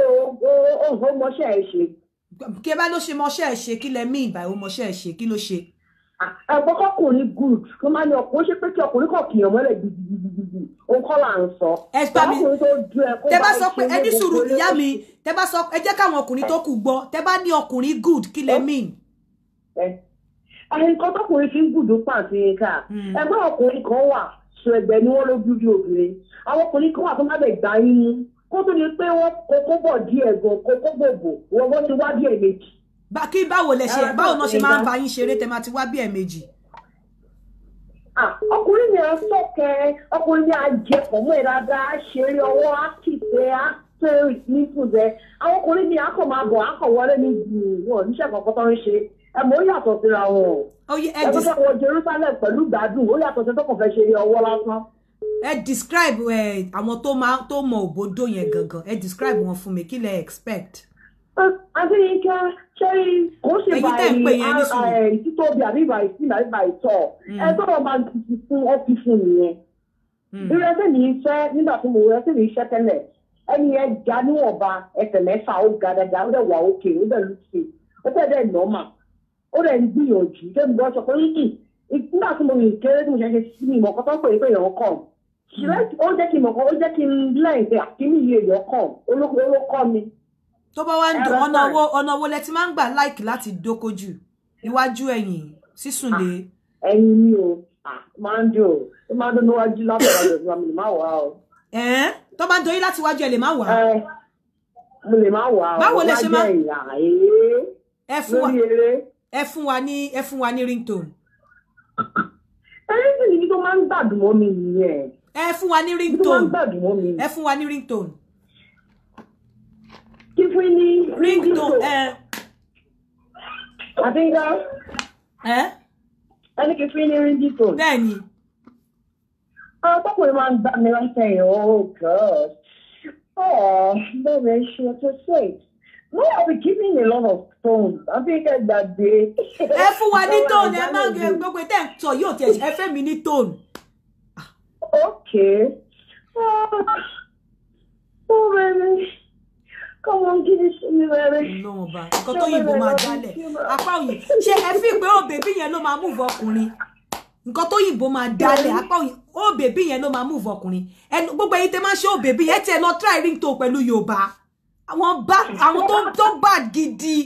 ó mọṣẹ ẹ ṣe kí ẹ bá ló ṣe mọṣẹ́ ẹ̀ ṣe kí lẹ mí ìbà ìwọ mọṣẹ́ ẹ̀ ṣe kí ló ṣe. ẹ̀gbọ́n kọkùnrin good ló máa ní ọkùnrin ṣe pé kí ọkùnrin kọ̀ kìyàn mọ́lẹ̀ gidigidi òun kọ́ là ń sọ. ẹ pa mi tẹ bá sọ pé ẹ ní sùúrù ìyá mi tẹ bá sọ ẹ jẹ́ káwọn ọkùnrin tó kù gbọ́ tẹ bá ní ọkùnrin good kí lẹ mí. nǹkan tọkùnrin fi ń gùdù pàǹtí ká hmm. ẹ̀gbọ́n ọkùnrin kan wà sọ ẹgbẹ́ ni wọ́n ló dúdú obìnrin àwọn ọkùnrin kan wà tó má bẹ̀ gbá yín kó tó lè pé wọ́n kókó bọ̀ díẹ̀ gan kókó bòbò wọ́n bọ́ ti wá bí ẹ̀ẹ̀mejì. bá kí báwo lẹ ṣe báwo náà ṣe máa ń bá yín ṣeré tẹ máa ti wá bí ẹ̀ẹ̀mejì. ọkùnrin yẹn sọkẹ ọkùnrin yẹn ajẹpọ mọ ìrada ṣeré ọwọ́ akíkẹ akẹ nípùzẹ àwọn ọkùnrin yẹn akọ máa bọ akọ wọlé ní wọn níṣẹ́ kankan tó ń ṣe ẹ mọ ó yàtọ̀ síra wọn. ẹ tó fẹ́ wọ Jerusalem pẹ̀lú gbádùn ó yàtọ̀ sí tó kàn fẹ́ ṣeré ọwọ́ lásán ẹ describe ẹ àwọn tó máa tó mọ òbòdó yẹn gangan ẹ describe wọn fún mi kí lẹ expect. Uh, Adéyínká ṣé kò ṣe báyìí uh, títóbi àbí báyìí sí àbí báyìí tọ̀ mm. ẹ tọ́rọ máa dìbò fún ọ́fì fún nìyẹn. Ìrẹsẹ̀ mi mm. iṣẹ́ nígbà tí mo rẹsẹ̀ mi iṣẹ́ tẹ́lẹ̀ ẹni ẹ ga níwọ̀nba ẹsẹ̀ mẹ́fà ó ga dáadáa ó dẹ̀ wà òkè ó dẹ̀ lùsì ó dẹ̀ dẹ̀ nọ́ọ̀mà ó dẹ̀ ń gbìyànjú dẹ́nu bọ́ sọ pé nígbà tí mo rìn kéré tí mo ṣe ṣe sí mi ìmọ̀ kọ́tọ́ pé pé èèyàn kàn ó jẹ́ kí n mọ̀ ó jẹ́ kí n blind kíní iye èèyàn kàn olókọ́ mi. tó bá wá ń dùn ọ̀nà owó ọ̀nà owó lẹ ti máa ń gbà láìkì láti dókojú iwájú ẹ̀yìn sísùn lé. ẹyin mi o máa ń dùn ó máa ń dùn níwájú láti wájú ẹ̀sùn mi lè má wà o. ẹ̀ẹ́n tó bá ń dorí láti wájú ẹ̀ lè má wà. mo lè má wà o báwo lẹ ṣe máa ẹ fún wa ẹ fún wa ní ẹ fún wa ní ringtone. ẹ̀rín sì ni tó máa ń gbàdúrà mi nìyẹn ẹ fún wa ní ringtone ẹ fún wa ní ringtone. kí fún ní ringtone eh. Eh? ẹ. àbíngá. ẹ. ẹni kí fún ní ringtone. bẹ́ẹ̀ni. Ah, ọkùnrin máa ń gbà mí ránṣẹ́ yìí oh god oh bẹ́ẹ̀ ṣe ọtọ́ sweet. No, I be giving a lot of stones. I think that day. Ẹ fún wa ní tone, ẹ máa gbogbo tẹ̀ ń sọ yóò tẹ̀ ẹ fẹ́ mi ní tone okay. oh, oh, baby. Come on, give it to baby. No, ba. Nǹkan tó yìnbó máa dálẹ̀. Apá òyìn. Ṣé ẹ fi pé ó bèbí yẹn ló máa múùfù ọkùnrin? Nǹkan tó yìnbó máa dálẹ̀. Apá òyìn. Ó bèbí yẹn ló máa múùfù ọkùnrin. Ẹnu gbogbo ẹ̀yin tẹ máa ṣe ó bèbí yẹn tẹ̀ lọ try ringtone pẹ̀lú Yorùbá. Àwọn bá àwọn tó ń bad gidi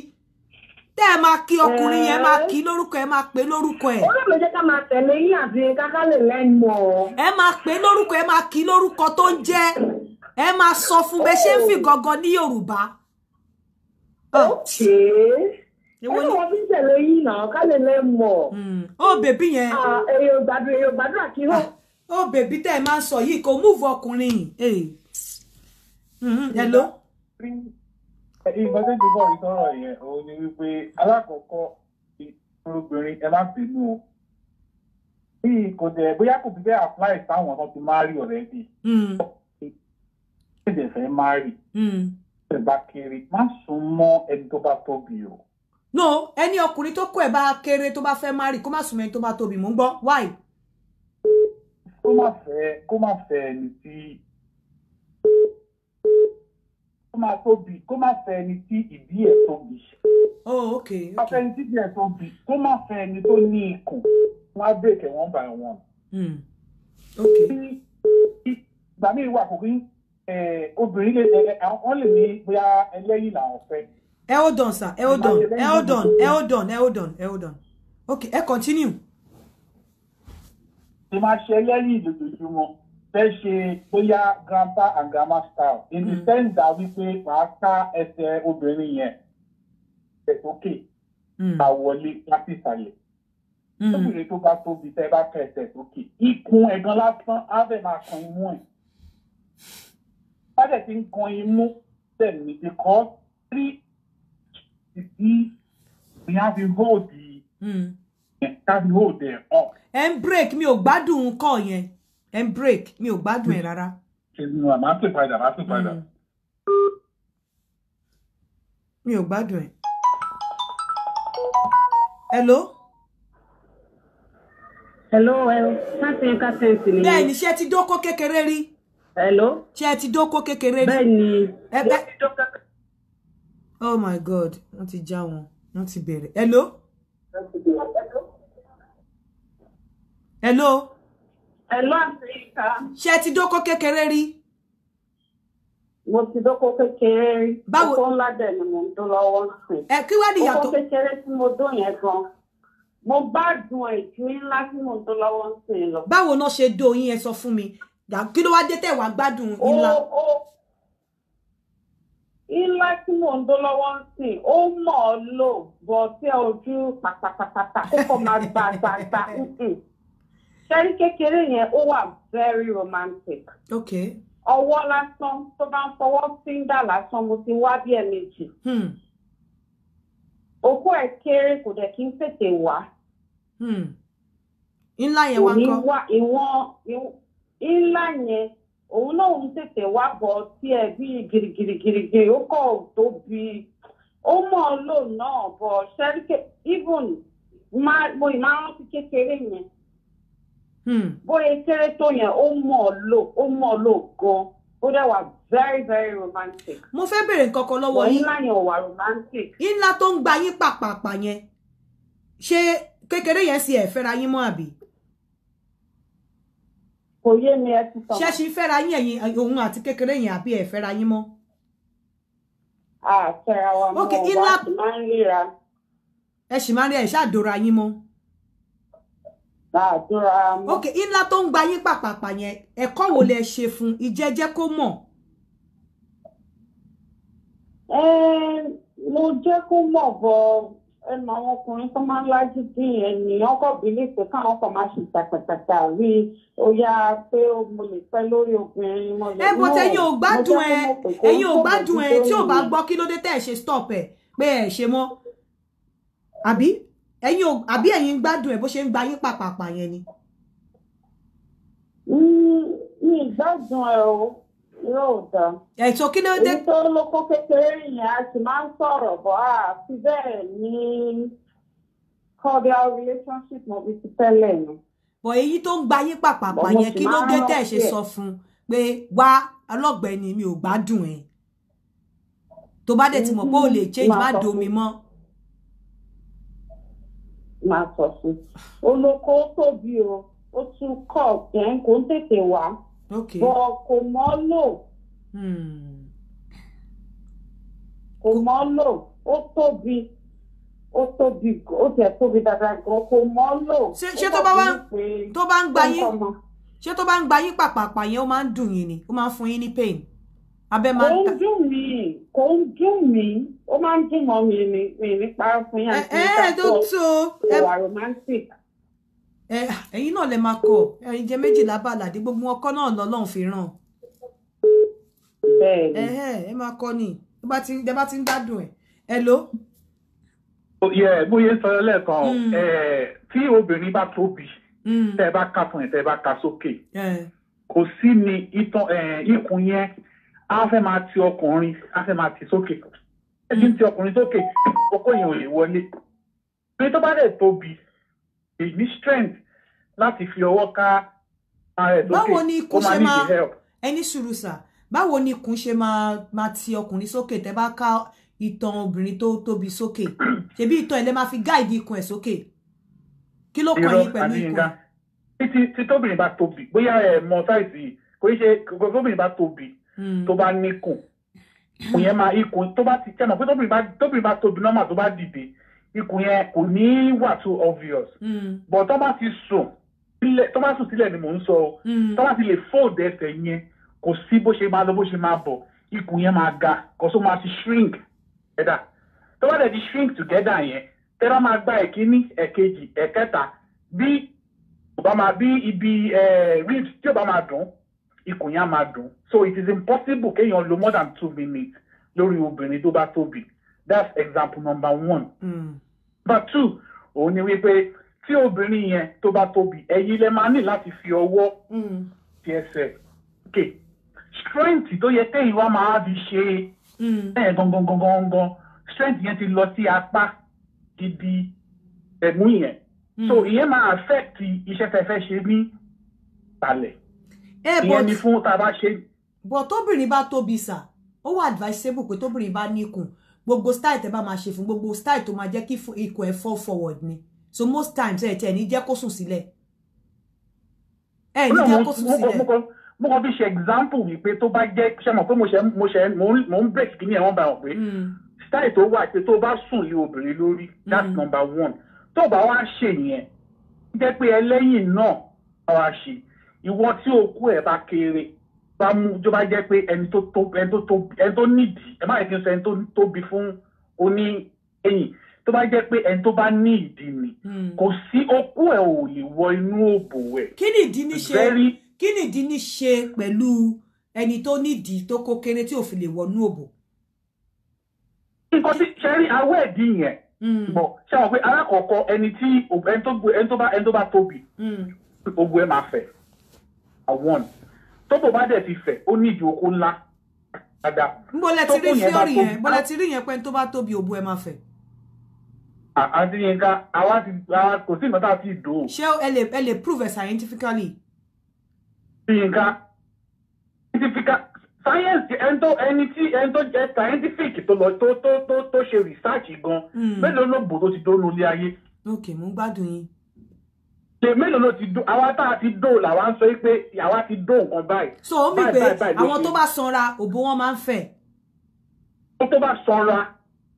tẹ́ ẹ máa kí ọkùnrin yẹn máa kí lórúkọ ẹ máa pè lórúkọ ẹ. ó lóògbé jẹ́ ká máa tẹ̀lé yín àti káká lè lẹ́nu ọ̀. ẹ máa pè lórúkọ ẹ máa kí lórúkọ tó ń jẹ́ ẹ máa sọ fún bẹ́ẹ̀ ṣé ń fi gangan ní Yorùbá. Ah. okay ẹ̀wọ̀n ni wọ́n fi ń tẹ̀lé yín náà ká lè lẹ́nu ọ̀. Hmm. ó bèbí yẹn. Ah, èèyàn gbàdúrà èèyàn gbàdúrà kí wọ́n. Ah. ó bèbí tẹ́ ẹ máa ń sọ yìí kò múùfù ọkùnrin. Hmm, hello ìgbọ́dọ̀ tó bọ̀ sọ̀rọ̀ yẹn òun ni wípé alákọ̀ọ́kọ́ ìṣòrobìnrin ẹ má bínú o bí kò dẹ̀ bóyá kò fi bẹ́ẹ̀ apply sáwọn ọ̀nà ti marry already ṣèdè hmm. fẹ́ marry ṣe hmm. bá kéré má sún mọ́ ẹni tó bá tóbi o. no ẹni ọkùnrin tó kọ ẹ bá kéré tó bá fẹ́ marry kó má sún mọ́ ẹni tó bá tóbi mò ń gbọ́ why. kó má fẹ́ kó má fẹ́ ẹni tí máa tóbi kó má fẹ́ ẹni tí ìdí ẹ̀ tóbi. oh ok ok. má fẹ́ ẹni tí ìdí ẹ̀ tóbi kó má fẹ́ ẹni tó ní ikùn wọn á bèkè one by one. Hmm, ok. ìgbà míì wà kò kí obìnrin lè wọ́n lè ní bóyá ẹlẹ́yìn làwọn fẹ́. ẹ ó dàn sà ẹ ó dàn ẹ ó dàn ẹ ó dàn ẹ ó dàn ẹ ó dàn ok ẹ continue. ìmọ̀ àṣẹ ẹlẹ́yìn lójoojúmọ́ fẹ́ ṣe bóyá grandpa and grandma style in the mm. sense that wípé màá ká ẹsẹ̀ obìnrin yẹn sókè mm. àwọlé láti ìsàlẹ̀ mm. lóbìnrin tó bá tóbi tẹ́ bá ká ẹsẹ̀ sókè ikùn ẹ̀gan lásán á bẹ̀ máa kan imú ẹ̀ bá dẹ̀ ti ń kan imú bẹ́ẹ̀ ni because three ìdí we have a hold the mm. yeah, have a hold the up. ẹ ń break mi ò gbádùn nǹkan yẹn. And ń break mi ò gbádùn ẹ̀ rárá. màá pè padà màá pè padà. Mm. mi ò gbádùn ẹ̀. hello. hello hello captain captain sì ni. bẹ́ẹ̀ ni ti dóko kékeré rí. hello. ṣé ti dóko kékeré rí. bẹ́ẹ̀ ni oh my god wọ́n ti já wọn wọ́n ti bẹ̀rẹ̀ hello. hello. hello? Hello, Africa. Ṣé ẹ ti dóko kékeré rí? Mo ti dóko kékeré rí. Báwo? Oko ńlá dẹ̀ ni mo ń dó lọ́wọ́ sìn. Ẹ kí wá ní ìyàtọ̀? Oko kékeré tí mo dó yẹn gan. Mo bá dùn èjú ńlá tí mo ń dó lọ́wọ́ sìn lọ. Báwo náà ṣe dó yín ẹ sọ fún mi? Kí ló wá dé tẹ̀ wá gbádùn ńlá? Ó ó ńlá tí mò ń dó lọ́wọ́ ń sìn ó mọ̀ ọ́ lò bọ̀ sí ojú pàtàpàtà kókò máa gbàgbàgbà ṣẹ́ríkékeré yẹn ó wà very romantic. Ok. ọwọ́ lásán tó bá ń lásán mo ti wá bí ẹ̀ẹ̀mejì. Hmm. òkú ẹ̀ kéré kò dẹ̀ kí n tètè wá. Hmm. ńlá yẹn wá ń kọ́. ìwọ̀n ńlá yẹn òun náà ń tètè wá bọ̀ ẹ bí ó tó bí ó mọ̀ even mo ti bóyá kéré tó yẹn ó mọ̀ ọ́ lò ó mọ̀ ọ́ lò gan ó dẹ̀ wà very very romantic. mo fẹ́ bèrè nǹkan kan lọ́wọ́ yín wọ́n ńlá yẹn ò wà romantic. ńlá tó ń gba yín pàpàpà yẹn ṣé kékeré yẹn sì ẹ̀ fẹ́ra yín mọ́ àbí. kò yé mi ẹ ti sọ. ṣé ṣe fẹ́ra yín ẹ̀yin òun àti kékeré yẹn àbí ẹ̀ fẹ́ra yín mọ́. àfẹ́ra wa mọ́ wa ti máa ń ríra. ẹ sì máa ń rí ẹ̀ ṣáà dòra yín mọ́ gbàdúrà mọ́. ok ńlá tó ń gba yín pàpàpà yẹn ẹ̀kọ́ wo lẹ ṣe fún ìjẹ́jẹ́ kó mọ̀. ẹ mo jẹ́ kó mọ̀ bọ̀ ẹnu àwọn ọkùnrin tó máa ń lájú bí ènìyàn kọ́ bílí pé káwọn kan máa ṣe ìtàkàtàkà rí ó yá pé mo lè pẹ́ lórí obìnrin mo lè mú ẹ bó tẹ yín ò gbádùn ẹ ẹ̀yin ò gbádùn ẹ tí ò bá gbọ́ kí ló dé tẹ́ ẹ ṣe stop ẹ pé ẹ ṣe mọ́ àbí ẹ̀yin o àbí ẹ̀yin ń gbádùn ẹ̀ bó ṣe ń gba yín pàpàpà yẹn ni. mi ìgbádùn ẹ o yóò dá. ẹ̀tọ́ kí ló dé. èyí tó lóko kékeré yẹn a sì máa ń sọ̀rọ̀ bọ́ a fi bẹ́ẹ̀ ní cordial relationship mo fi ti tẹ́lẹ̀ ni. bọ̀ èyí tó ń gba yín pàpàpà yẹn kí ló dé tẹ̀ ṣe sọ fún un pé wá ọlọ́gbẹ́ni mi ò gbádùn ẹ̀ tó bá dẹ̀ ti mọ̀ pé ò lè mm-hmm. change má domi mọ́ máa sọ fún olóko tóbi o ó tún kọ ọ̀gbìn kò ń tètè wá bọ̀ kò mọ́ lò hmm. kò mọ́ lò ó tóbi ó tóbi ó tẹ̀ tóbi dáadáa gan kò mọ́ lò. ṣé tó bá wá tó bá ń gba yín ṣé tó bá ń gba yín pàpàpà yẹn ó máa ń dùn yín ni ó máa ń fún yín ní pain abẹ́ máa ń ta. kò ń dùn mí kò ń dùn mí ó máa ń dùn mọ́ mi ni mi nípa fún yàn tí ìta tó ìwà eh, romantic. Eh, ẹ̀yin náà lè máa kọ ẹ̀yin jẹ méjìlá bàlàdé gbogbo ọkọ náà lọ́lọ́run fi ràn. bẹ́ẹ̀ni eh, ẹ máa kọ ni ẹ bá ti ń gbádùn ẹ ẹ ló. bóyá sọ lẹ́ẹ̀kan hmm. tí obìnrin bá tóbi hmm. tẹ́ ẹ bá kà fún ẹ tẹ́ ẹ bá kà sókè kò sí ni ikùn yẹn á fẹ́ máa ti ọkùnrin á fẹ́ máa ti sókè ẹbí ń ti ọkùnrin sókè kókó yẹn ò lè wọlé pé tó bá dẹ̀ tóbi èyí strength láti fi ọwọ́ ká ara ẹ̀ sókè ó máa ní ìdí help. ẹni sùúrù sà báwo ni ikùn ṣe máa ti ọkùnrin sókè tẹ́ bá ká ìtàn obìnrin tó tóbi sókè ṣebí ìtàn ẹ̀ lè máa fi gáàdì ikùn ẹ̀ sókè kí ló kàn yín pẹ̀lú ikùn. títí tóbìnrin bá tóbi bóyá ẹ̀ mọ sáìsì kò í ṣe tóbìnrin bá tóbi tó bá níkùn hmm. ikùn yẹn máa ikùn tó bá ti tẹ̀mọ̀ pé tóbìnrin bá tóbi nọ́mà tó bá dìde ikùn yẹn kò ní wà too obvious hmm. but tó bá ti sùn tó bá sùn sílẹ̀ ni mò ń sọ hmm. tó bá ti lè fold ẹsẹ̀ yẹn kò sí bó ṣe máa lọ bó ṣe máa bọ̀ ikùn yẹn máa ga kò só máa ti shrink ẹ̀dá tó bá dẹ̀ ti shrink together yẹn tẹ́lá máa gba ẹ̀kíní ẹ̀kejì ẹ̀kẹta bí ibi eh, ribs tí ọba máa dùn ikùn yẹn á máa dùn so it is impossible kéèyàn lo more than two minutes lórí obìnrin tó bá tóbi that's example number one. Mm. number two òun ni wípé tí obìnrin yẹn tó bá tóbi ẹ̀yin lẹ máa ní láti fi ọwọ́ ti hmm. ẹsẹ̀ kè strength tó yẹ kéèyàn wá máa fi ṣe hmm. ẹ̀ gangan gangan gangan strength yẹn ti lọ sí apá gidi ẹ̀mú yẹn hmm. so ìyẹn máa affect iṣẹ́ tẹ́ fẹ́ ṣe ní ìsàlẹ̀. Eh, but ìyẹn ni fún tá a bá ṣe. bọ̀ tóbìnrin bá tóbi sà ó wà advisable pé tóbìnrin bá níkùn gbogbo style tẹ́ bá máa ṣe fún go style tó máa jẹ́ kí ikùn ẹ̀ fall forward ni so most times ẹ̀ tẹ̀ ní jẹ́ kó sùn sílẹ̀ ẹ̀ ní jẹ́ kó sùn sílẹ̀ mo kàn fi ṣe example mi pé tó bá jẹ́ ṣe mọ̀ pé mo ṣe mo ṣe mo ń break kí ni ẹ̀wọ̀n bá wọn pé hmm. style to wà pé tó bá sùn lé obìnrin lórí that's hmm. number one tó bá wá ṣe yẹn jẹ́ pé ẹlẹ́yìn náà wá ṣe ìwọ tí òkú ẹ̀ bá kéré bá mú tó bá jẹ́ pé ẹni tó tó ẹni tó tó ẹni tó nídìí ẹ má yẹ kí n sọ ẹni tó tóbi fún oní ẹ̀yìn tó bá jẹ́ pé ẹni tó bá ní ìdí ni hmm. kò sí òkú ẹ̀ ò lè wọ inú òbò ẹ̀. kí ni ìdí ní ṣe kí ni ìdí ní ṣe pẹ̀lú ẹni tó nídìí tó kó kéré tí ò fi lè wọnú òbò. nǹkan tí ṣẹ́rí awọ́ ẹ̀dí yẹn hmm. bọ̀ ṣe àwọn pé alákọ̀ọ́kọ́ ẹni tó bá tóbi òbò hmm. ẹ̀ máa fẹ̀ one tóbò bá dẹ̀ ti fẹ̀ ó ní ìdí oko ńlá dáadáa. ń bọ́lẹ̀ ti rí fíọ́rì yẹn bọ́lẹ̀ ti rí yẹn pé tó bá tóbi òbu ẹ máa fẹ̀. àti Yinka àwa ti kò sí ìmọ̀ta àti ìdò. ṣé ẹ lè prove it scientifically. Yinka scientifical science ẹni tó ẹni tí ẹni tó jẹ scientific tó lọ tó tó tó ṣe research gan hmm. mélòó ló gbòòrò ti dónú ilé ayé. ok mo ń gbádùn yín ṣe mélòó ti dó àwa tá a ti dó làwa ń sọ pé àwa ti dó nǹkan báyìí. so ó mì pé àwọn tó bá sanra òbó wọn máa ń fẹ̀. àwọn tó bá sanra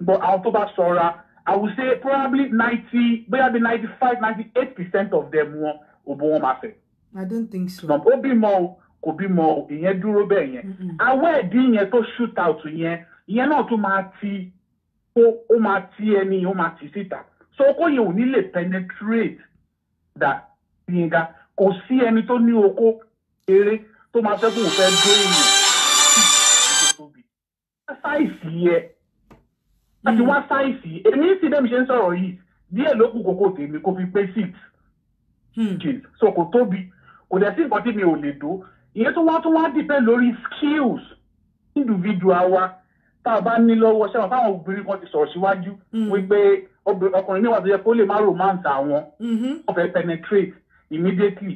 but àwọn tó bá sanra i would say probably ninety bóyá bí ninety five ninety eight percent of them wọn òbó wọn máa fẹ̀. i don't think so. ó bímọ o kò bímọ o ìyẹn dúró bẹ́ẹ̀ yẹn awọ́ ẹ̀dí yẹn tó shoot out yẹn ìyẹn náà tún máa ti ó máa ti ẹni ó máa ti síta so kó ò ní lè penetrate dà Yínká kò sí ẹni tó ní oko eré tó máa sẹ́kùn fẹ́ dé èèyàn tó tóbi sáìsì yẹ láti wá hmm. sáìsì èmi sì bẹ́ẹ̀ mi ṣe ń sọ̀rọ̀ yìí díẹ̀ ló kù kókó tèmi kó fi pé six hmm. inches so kò tóbi kò dẹ̀ sí nǹkan tí mi ò lè dó ìyẹn tó wá tó wá dìpẹ́ lórí skills individual wa tá a bá ní lọ́wọ́ ṣẹ́wọ̀n fáwọn obìnrin kan ti sọ̀rọ̀ síwájú hmm. wípé ọkùnrin níwà tó yẹ kó lè má romance àwọn mm-hmm. wọn fẹ́ penetrate immediately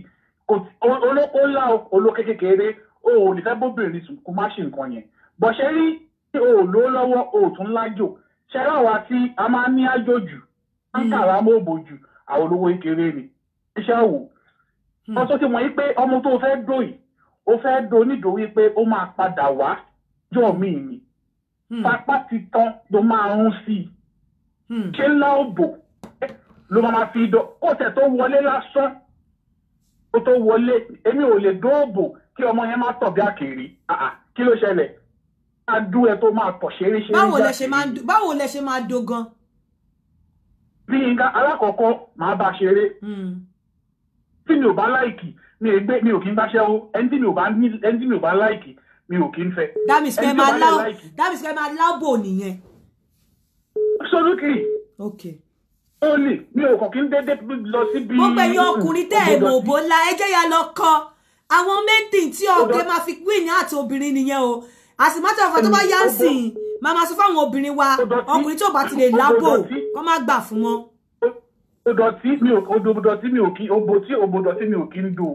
olóko ńlá olóko kékeré o ò lè fẹ́ bóbìnrin sùn kó má ṣe nǹkan yẹn bọ̀ ṣe rí o ò lówó lọ́wọ́ o ò tún lájò ṣe rà wá tí a máa ní àjòjù àǹkàrà mm. mọ́ òbòjù àwọn olówó kékeré ni iṣẹ́ òwò mm. wọ́n tó ti mọ̀ yí pé ọmọ tó fẹ́ dò yìí o fẹ́ dò nítorí pé ó máa padà wá jọ̀ mí ni mm. pápá ti tán ló máa ń sí i ṣé ńlá òbò ló máa fi dọ kó tẹ̀ tó wọlé lásán kó tó wọlé èmi ò lè dóòbò kí ọmọ yẹn má tọ̀ bí àkèrè kí ló ṣẹlẹ̀ máa dú ẹ tó máa tọ̀ ṣeré ṣeré báwo lẹ ṣe máa do gan. bí nǹkan alákọ̀ọ́kọ́ máa bá ṣeré tí mi ò bá láìkì mi ò gbé mi ò kí ń bá ṣẹ́wó ẹni tí mi ò bá ẹni tí mi ò bá láìkì mi ò kí ń fẹ́. dá mi máa láwọ nìyẹn absolutely. okay. only mi ò kàn kí n dédé lọ síbi. mo gbẹ̀yìn ọkùnrin tẹ́ ẹ̀ mọ̀ bó la ẹjẹ́ ya lọ kọ àwọn mẹ́tìn tí ọ̀gẹ́ máa fi wí ní àti obìnrin nìyẹn o as a matter of fact tó bá yá ń sìn máa máa sọ fáwọn obìnrin wa ọkùnrin tí ò bá ti lè lábò kó má gbà fún wọn. odòtí mi ò odòtí mi ò kí obo tí obodòtí mi ò kí ń do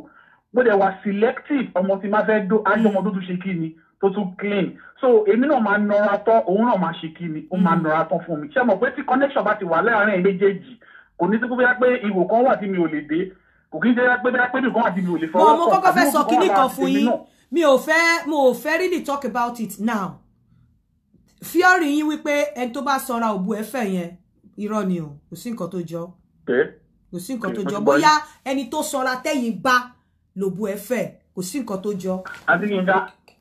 mo dẹ̀ selective ọmọ tí má fẹ́ do aṣọ ọmọ dúdú ṣe kí ni tó tún clean so èmi náà máa nọra tán òun náà máa ṣe kí ni ó máa mm. nọra tán fún mi ṣé mo pé tí connection bá ti wà láàárín ẹ̀ méjèèjì kò ní sí pé ihò kan wà tí mi ò lè dé kò kí n ṣe pé bẹ́ẹ̀ pé nìkan àti mi ò lè fọwọ́ kàn. mo kọ́kọ́ fẹ́ sọ kinní kan fún yín mi ò fẹ́ mo ò fẹ́ really talk about it now fíọ́rì yín wípé ẹni tó bá sanra òbu ẹ̀fẹ̀ yẹn irọ́ ni o kò sí nǹkan tó jọ kò sí nǹkan tó jọ bóyá ẹni tó sanra tẹ́yìn bá lòbu ẹ̀fẹ̀ kò sí nǹkan tó jọ. àti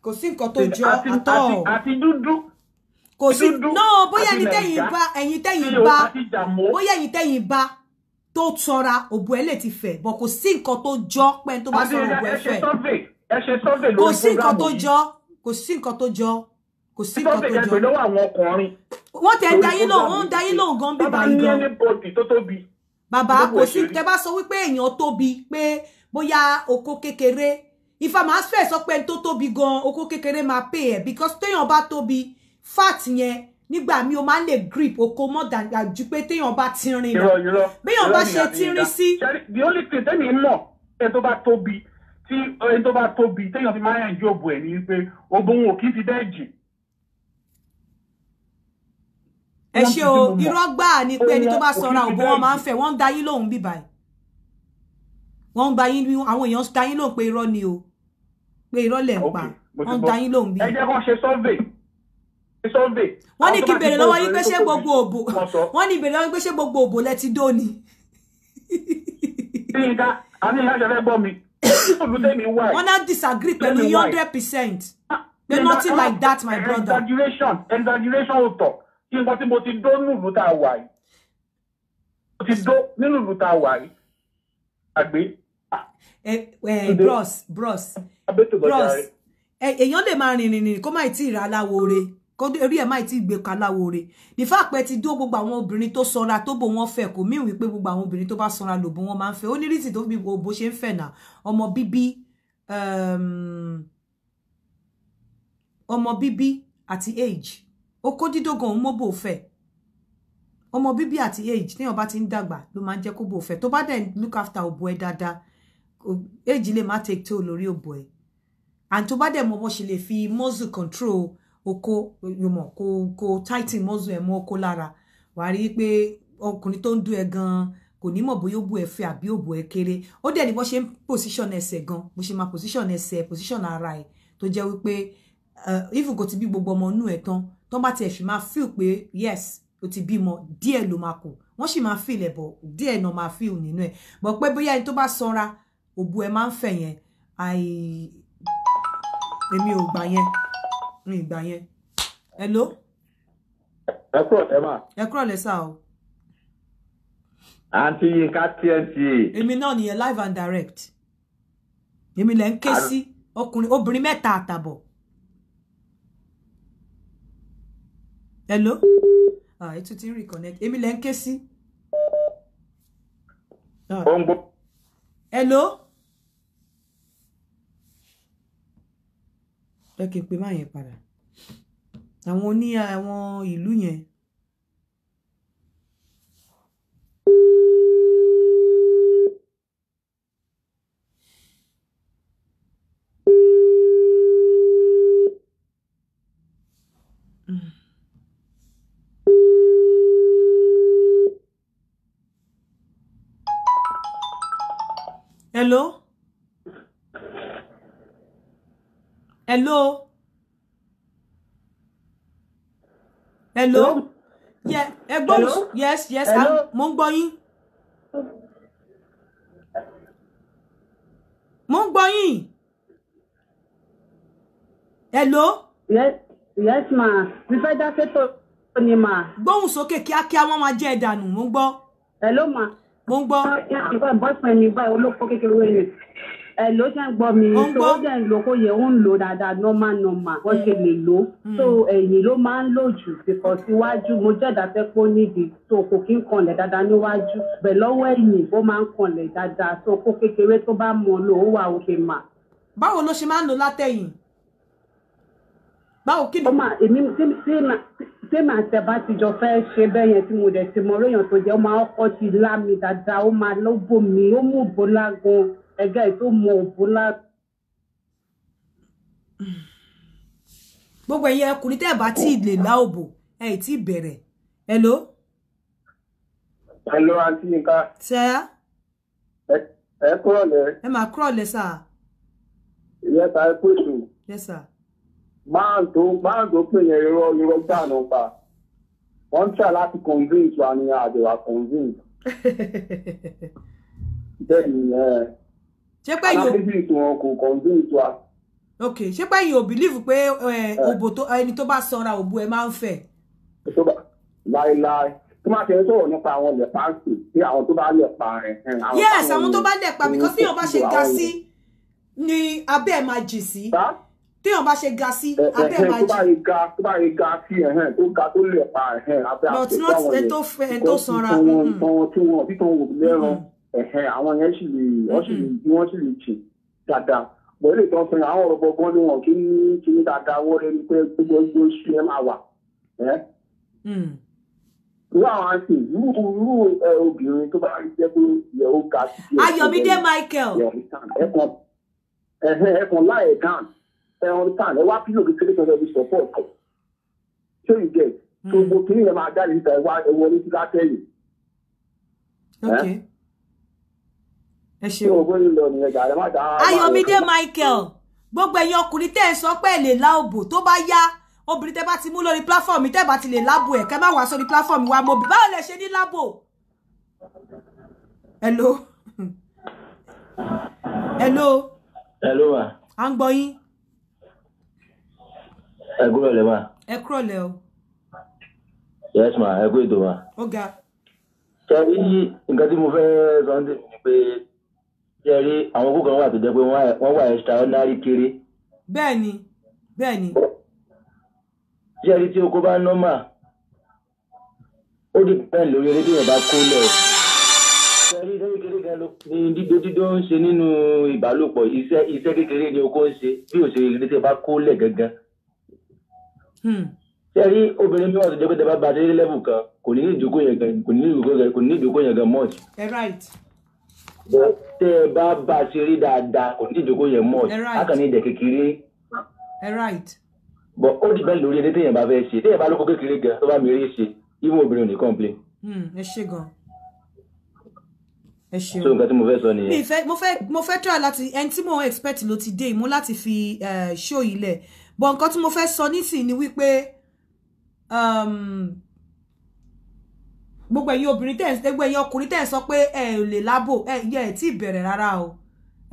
kò sí nǹkan tó jọ àtọ àti dúdú kò sí náà bóyá ẹni tẹ̀yìn bá ẹ̀yin tẹ̀yìn bá bóyá ẹ̀yin tẹ̀yìn bá tó tọra òbò ẹ lè ti fẹ̀ bọ kò sí nǹkan tó jọ pé tó bá sọ̀rọ̀ òbò ẹ fẹ̀ kò sí nǹkan tó jọ kò sí nǹkan tó jọ kò sí nǹkan tó jọ wọ́n tẹ dayé lóhùn wọ́n dayé lóhùn gan bíbá yìí gan bàbá kò sí tẹ bá sọ wípé èèyàn tóbi pé bóyá okó kékeré ìfà máa fẹ́ sọ pé ẹni tó tóbi gan okó kékeré máa pè ẹ̀ because téèyàn bá tóbi fat yẹn nígbà míì o máa ń grip okó mọ́ dàgbà ju pé téèyàn bá tínrín lọ béèyàn bá ṣe tínrín the only thing tẹ́mi mọ̀ ẹni tó bá tóbi tí uh, ẹni tó bá tóbi téèyàn fi máa ń yànjú òbò ẹ̀ ni pé ogun ò kì í fi bẹ́ẹ̀ jìn ẹ ṣe o irọ́ gbáà ni pé ẹni tó bá sanra òbó wọn máa ń fẹ́ wọ́n ń da yín lóhùn gba yín àwọn èèyàn ń da yín lóhùn ni o pé ìrọ́lẹ̀ ń pa wọ́n ń ta yín lóhùn bí. ẹ jẹ́ kó ṣe survey survey. wọ́n ní kí bèrè lọ́wọ́ yín pé ṣé gbogbo òbò wọ́n ní bèrè lọ́wọ́ yín pé ṣé gbogbo òbò lẹ ti dó ni. yínká àní ìyá ṣẹfẹ gbọ́ mi olùdẹ́mi wà. wọ́n náà disagree pẹ̀lú hundred percent pé nothing ah, like that my brother. exaggeration exaggeration ò tọ́ kí nǹkan tí mo ti dó nílùú tá a wà yìí mo ti dó nílùú tá a wà yìí àgbé. Eh, eh, bros bros bros èèyàn lè máa rìnrìn rìn kó má tí ì ra aláwo re kó orí ẹ̀ má tí ì gbé ka aláwo re nífà pẹ́ ti dó gbogbo àwọn obìnrin tó sanra tó bò wọ́n fẹ́ kò míì wípé gbogbo àwọn obìnrin tó bá sanra lòbó wọ́n máa ń fẹ́ ó ní rìsì tó fi wo bó ṣe ń fẹ́ nà ọmọ bíbí um, ọmọ bíbí àti age ó kó dídógan òun mọ́bò fẹ́ ọmọ bíbí àti age téèyàn bá ti ń dàgbà ló máa ń jẹ́ kó bò fẹ́ tó bá dẹ̀ look after òbò ẹ̀ dáadáa age lè má take tó lórí òbò ẹ̀ and tó bá dẹ̀ mọ bó ṣe lè fi muscle control oko yòmọ̀ kò kò tighten muscle ẹ̀ mọ́ oko lára wà á rí i pé ọkùnrin tó ń dún ẹ gan-an kò ní mọ̀ bóyá òbú ẹ fẹ́ àbí òbú ẹ kéré ó dẹ̀ ní bó ṣe position ẹsẹ̀ gan bó ṣe máa position ẹsẹ̀ position ara ẹ̀ tó jẹ́ wípé eh, even kò ti bí gbogbo ọmọ inú ẹ̀ tán tán bá tiẹ̀ fi máa feel pé yes o ti bímọ díẹ̀ ló máa kù wọ́n sì máa feel ẹ̀ bọ̀ díẹ̀ náà máa feel nínú ẹ̀ bọ̀ pé bóyá ẹni tó bá sanra òbú ẹ máa ń fẹ̀ i èmi ò gbà yẹn mi ì gbà yẹn hello. ẹ kúrò lẹ́ mà. ẹ kúrò lẹ́ sà o. àǹtí Yinka TNTA. èmi náà nìyẹn live and direct èmi lẹ́ ń ké sí ọkùnrin obìnrin mẹ́ta àtàbọ̀. hello ah ètò ti ń reconnect èmi lẹ́ ń ké sí. ó ń gbọ́. hello. pé kí n pe máa yẹn padà àwọn oní àwọn ìlú yẹn Hello? Hello? Hello? Yeah, Hello. Yes, yes, Hello. ń gbọ́ Hello? Yes, yes ma. We fẹ́ dá sétò ni ma. Gbóhùn sókè kíákíá wọ́n máa jẹ́ ẹ̀dànù, mo ń gbọ́. Hello ma. Mo ń gbọ́. boyfriend àgbà bọ́sùn look báyìí olóko kékeré ni ẹ ló ṣe ń gbọ́ mi tó ó dẹ̀ ń lo kó yẹ ó ń lo dáadáa normal normal wọ́n mm. ṣe lè lò ó mm. so ẹ̀yìn ló máa ń lò jù because iwájú mo jẹ́dá fẹ́ pé ó níbi so kò kí ń kanlẹ̀ dáadáa níwájú bẹ̀ lọ́wọ́ ẹ̀yìn ó máa ń kanlẹ̀ dáadáa so kó kékeré tó bá mọ lò ó wà òkè mà. báwo ló ṣe máa ń lo látẹ̀yìn báwo kí ni. ọmọ èmi tí mà tí màá tẹ bá ti jọ fẹ́ ṣe bẹ́ẹ̀ yẹn tí mo dẹ̀ ti mọ oróyàn tó jẹ́ ó máa ọkọ̀ ti lá mi dáadáa ó máa lóbò mi ó mú òbó lágan a guy tó mọ gbogbo ẹ̀yin ọkùnrin tẹ́ ẹ̀ bá tí ì lè ẹ̀ tí bẹ̀rẹ̀ hello. hello àǹtí Yinka. ṣe é. ẹ kúrọ̀ lẹ. ẹ máa kúrọ̀ lẹ sà. ìyá ta ẹ pèsè. sà. máa tó máa tó pè yẹn irọ́ irọ́ gbà pa wọ́n ń láti convince wa ni àdèwà convince. ṣé pé yóò alábíbí ètò wọn kò kọ̀ǹdé ètò a. ok ṣé pé yóò bìlíìfù pé òbò ẹni tó bá sanra òbò ẹ máa ń fẹ̀. láéláé tó máa tẹ̀lé sọ̀rọ̀ nípa àwọn lẹ̀pa ń sè sí àwọn tó bá lẹ̀pa rẹ̀. yes àwọn tó bá lẹ̀pa because bí wọn bá ṣe ga sí ni abẹ́ ẹ̀ máa jì sí téèyàn bá ṣe ga sí abẹ́ ẹ̀ máa jì. tó bá yẹ ga tó bá yẹ ga sí ẹ̀hẹ́n tó ga tó lẹ̀pa ẹ̀hẹ́n abẹ́ àti ìpàwọ̀ yẹn but not ẹ tó sanra. tí wọ́n tí wọ́n bí wọ́n wò lẹ́rọ̀. ẹ̀hẹ́ àwọn yẹn sì lè wọ́n bí mm-hmm. wọ́n sì lè tì dáadáa pẹ̀lú ètò ọ̀sán àwọn ọ̀rọ̀ gbọ̀ngàn ni wọn kì í kì í dáadáa wọ́n rẹ̀ ní gbogbo ẹ̀ máa wà mm. irú àwọn àti irú irú obìnrin tó bá rí ó ga sí Ayọ̀mídé Michael. ẹ̀kan láì dán ẹ̀hún tán ẹ̀ wá pílò kékeré tó máa ẹ ṣeun ayọ̀mídé michael gbogbo ẹ̀yin ọkùnrin tẹ́ ẹ sọ pé ẹ lè lá òbò tó bá yá obìnrin tẹ́ bá ti mú lórí platform tẹ́ bá ti lè lábò ẹ kẹ́ má wá sórí platform wa mo báwo lẹ ṣe ní lábò. hello hello. hello wa. à ń gbọ́ yín. ẹ kúrò lẹ́ wa. ẹ kúrò lẹ́ o. yes ma ẹ kú ètò wa. ó ga. ṣe rí nǹkan tí mo fẹ́ sọ ń pé ṣe rí àwọn kókò wà tó jẹ́ pé wọ́n wà extraordinary kéré. bẹ́ẹ̀ni bẹ́ẹ̀ni. ṣe rí tí oko bá nọ́mà ó dìpẹ́ lórí eré bí yẹn bá kó lẹ̀ sẹ́rí iṣẹ́ kékeré kan ló ní dídó dídó ń ṣe nínú ìbálòpọ̀ iṣẹ́ iṣẹ́ kékeré ni oko ń ṣe bí òṣèré ìrírí tí o bá kó lẹ̀ gangan. sẹ́rí hmm. obìnrin mìíràn tó jẹ́ pé tẹ bá ba délé lẹ́bù kan kò ní ní ìdókòó yẹn gan kò ní ní ìdókòó yẹn gan mọ́ọ̀tì. ẹ right bọ́ tẹ́ ẹ bá bá a ṣe rí dáadáa kò ní ìdókòó yẹn mọ̀ akànnì ìdẹ̀ kékeré. bọ́ ó dìbẹ́ lórí ẹni téèyàn bá fẹ́ ṣe téèyàn bá lóko kékeré gan tó bá mi rí ṣe ìwọ̀n obìnrin ò ní complain. Hmm, ẹ ṣe gan ẹ ṣeun so nǹkan tí mo fẹ́ sọ nìyẹn. mi fẹ́ mo fẹ́ mo fẹ́ try láti ẹni tí mo expect ló ti dé ìmú láti fi ṣó yìí lẹ̀ bọ̀ nǹkan tí mo fẹ́ sọ nísìnyí ni wípé. Um, gbogbo ẹ̀yin obìnrin tẹ̀ ń gbogbo ẹ̀yin ọkùnrin tẹ̀ ń sọ pé ẹ ò lè lábò ẹ yẹ ẹ tí ì bẹ̀rẹ̀ rárá o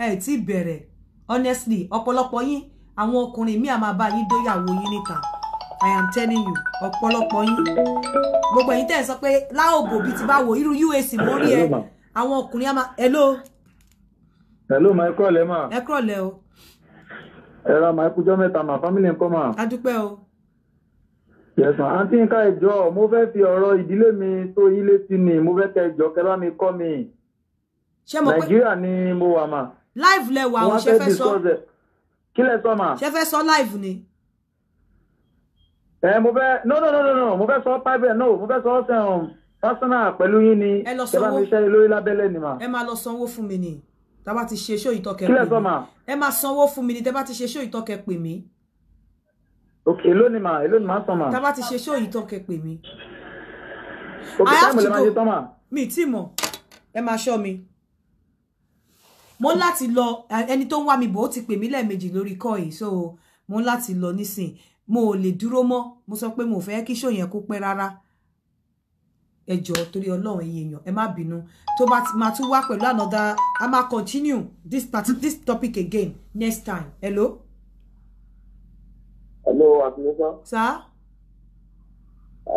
ẹ tí ì bẹ̀rẹ̀ honestly ọ̀pọ̀lọpọ̀ yín àwọn ọkùnrin mi àmà bá yín dóyàwó yín níta i am telling you ọ̀pọ̀lọpọ̀ yín gbogbo ẹ̀yin tẹ̀ ń sọ pé láòbò bíi ti bá wo irú uac mo rí ẹ àwọn ọkùnrin àmà hello. hello ma ẹ kúrọ̀lẹ́ ma. ẹ kúrọ̀lẹ́ o. ẹ ra ma ẹ kújọ́ mẹ́ta ma family ńkọ́ ma. a o yẹsàn àǹtí nǹkan ìjọ mo fẹ́ fi ọ̀rọ̀ ìdílé mi tó yín létí ni mo fẹ́ kẹ ìjọ kẹ bá mi kọ́ mi nàìjíríà ni mo wà mà. live lẹ wà ó ṣe fẹ́ sọ kí lẹ sọ mà. ṣe fẹ́ sọ live ni. ẹ mo fẹ́ no no no no no mo fẹ́ sọ private no mo fẹ́ sọ sẹ́wọ̀n personal pẹ̀lú yín ni kẹ bá mi ṣẹ́ lórí lábẹ́lẹ̀ ni mà. ẹ máa lọ sanwó fún mi ni tá a bá ti ṣe ṣó ìtọ́kẹ́ pè mí ẹ máa sanwó fún mi ni tẹ́ bá ti ṣe ṣó ìtọ́kẹ́ pè mí ok èló ni màá èló ni màá san màá. tá a bá ti ṣe ṣó yìí tán kẹ́ pè mí. ok táàmù lè máa ṣe tán màá. mi ì tí mọ̀ ẹ máa ṣọ́ mi mo ń láti lọ ẹni tó ń wá mi bò ó ti pè mí lẹ́ẹ̀mejì lórí kọ́ so mo ń láti lọ nísìn mo ò lè dúró mọ́ mo sọ pé mo fẹ́ kí ṣó yẹn kó pẹ́ rárá ẹ jọ̀ọ́ torí Ọlọ́run ẹ̀yin èèyàn ẹ má bínú tó bá máa tún wá pẹ̀lú another a máa continue this this topic again next time hello hello abinusa. sá.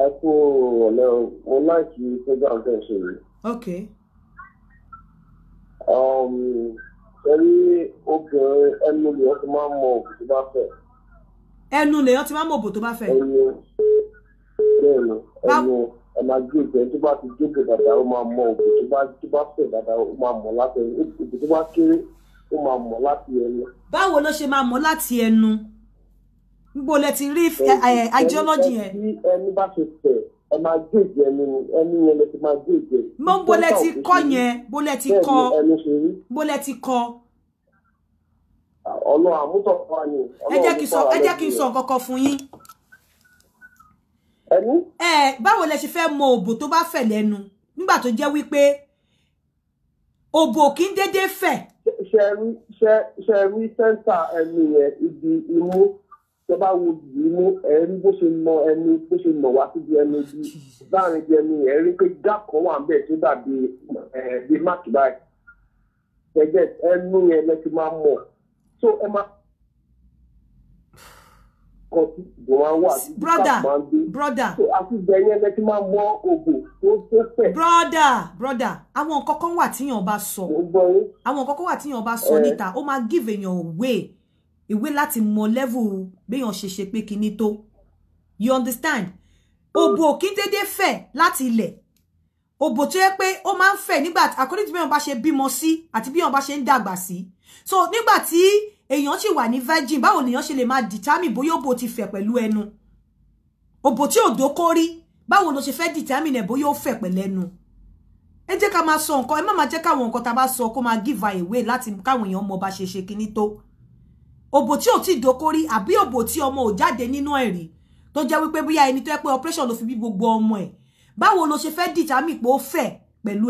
ẹ kú ọ̀lẹ́ o mo láìkí program tẹ̀ ṣe rè. ok. Um, ṣẹ́rí obìnrin ẹnu lèèyàn ti máa ń mọ òbò tó bá fẹ́. ẹnu lèèyàn ti máa ń mọ òbò tó bá fẹ́. ẹnu ẹnu ẹnu ẹ máa gé ìgbẹ́ tó bá ti jókè dàda ó máa mọ òbò tó bá tó bá fẹ̀ dàda ó máa mọ̀ láti ẹnu òbò tó bá kéré ó máa mọ̀ láti ẹnu. báwo ló ṣe máa mọ̀ láti ẹnu níbo lẹ ti rí ideology yẹn. ẹni bá ṣe fẹ́ ẹ máa gèjì ẹni ẹni yẹn lè ti máa gèjì. mo ń bolẹ̀ ti kọ́ yẹn bolẹ̀ ti kọ́ bolẹ̀ ti kọ́. ọlọ́run àmútọ̀ fún wa ni. ẹ jẹ́ kí n sọ nǹkan kan fún yín. ẹnu. ẹ báwo lẹ ṣe fẹ́ mọ òbò tó bá fẹ̀ lẹ́nu nígbà tó jẹ́ wípé òbò kì í déédéé fẹ̀. ṣe rí ṣe rí sẹ́ńtà ẹnu yẹn ibi imú tẹ bá wo yìí mú ẹrí bó ṣe mọ ẹnu bó ṣe mọ wá síbi ẹnu bí láàrin bí ẹnu yẹn pé gap kan wà níbẹ̀ tó dàbí ẹ bí mark báyìí ẹgbẹ́ ẹnu yẹn lẹ máa mọ̀ so ẹ máa kan tí ìbò máa àwọn nǹkan kan wà tíyàn bá sọ àwọn nǹkan kan wà tíyàn bá sọ níta ó máa give èèyàn away ìwé láti mọ level béèyàn ṣe ṣe pé kinní tó you understand òbò kí n dédé fẹ̀ láti ilẹ̀ òbò tó yẹ pé ó máa ń fẹ̀ nígbà according to bí wọn bá ṣe bímọ sí àti bí wọn bá ṣe ń dàgbà sí so nígbà tí èèyàn ṣì wà ní virgin báwo lèèyàn ṣe lè máa determine bóyá òbò ti fẹ̀ pẹ̀lú ẹnu òbò tí òdò kórí báwo ló ṣe fẹ́ determine ẹ̀ bóyá ó fẹ̀ pẹ̀lẹ́nu ẹ jẹ́ ká máa sọ nǹkan ẹ má máa jẹ́ káwọn nǹkan tá a bá sọ kó máa give away láti káwọn èèyàn mọ bá ṣe ṣe kinní tó òbò ti ò tí ìdókórí àbí òbò tí ọmọ ò jáde nínú ẹ̀rí to jẹ́ wípé bóyá ẹni tó yẹ operation ló fi bí gbogbo ọmọ ẹ̀ báwo lo ṣe fe dìtàmì pé ó fẹ̀ pẹ̀lú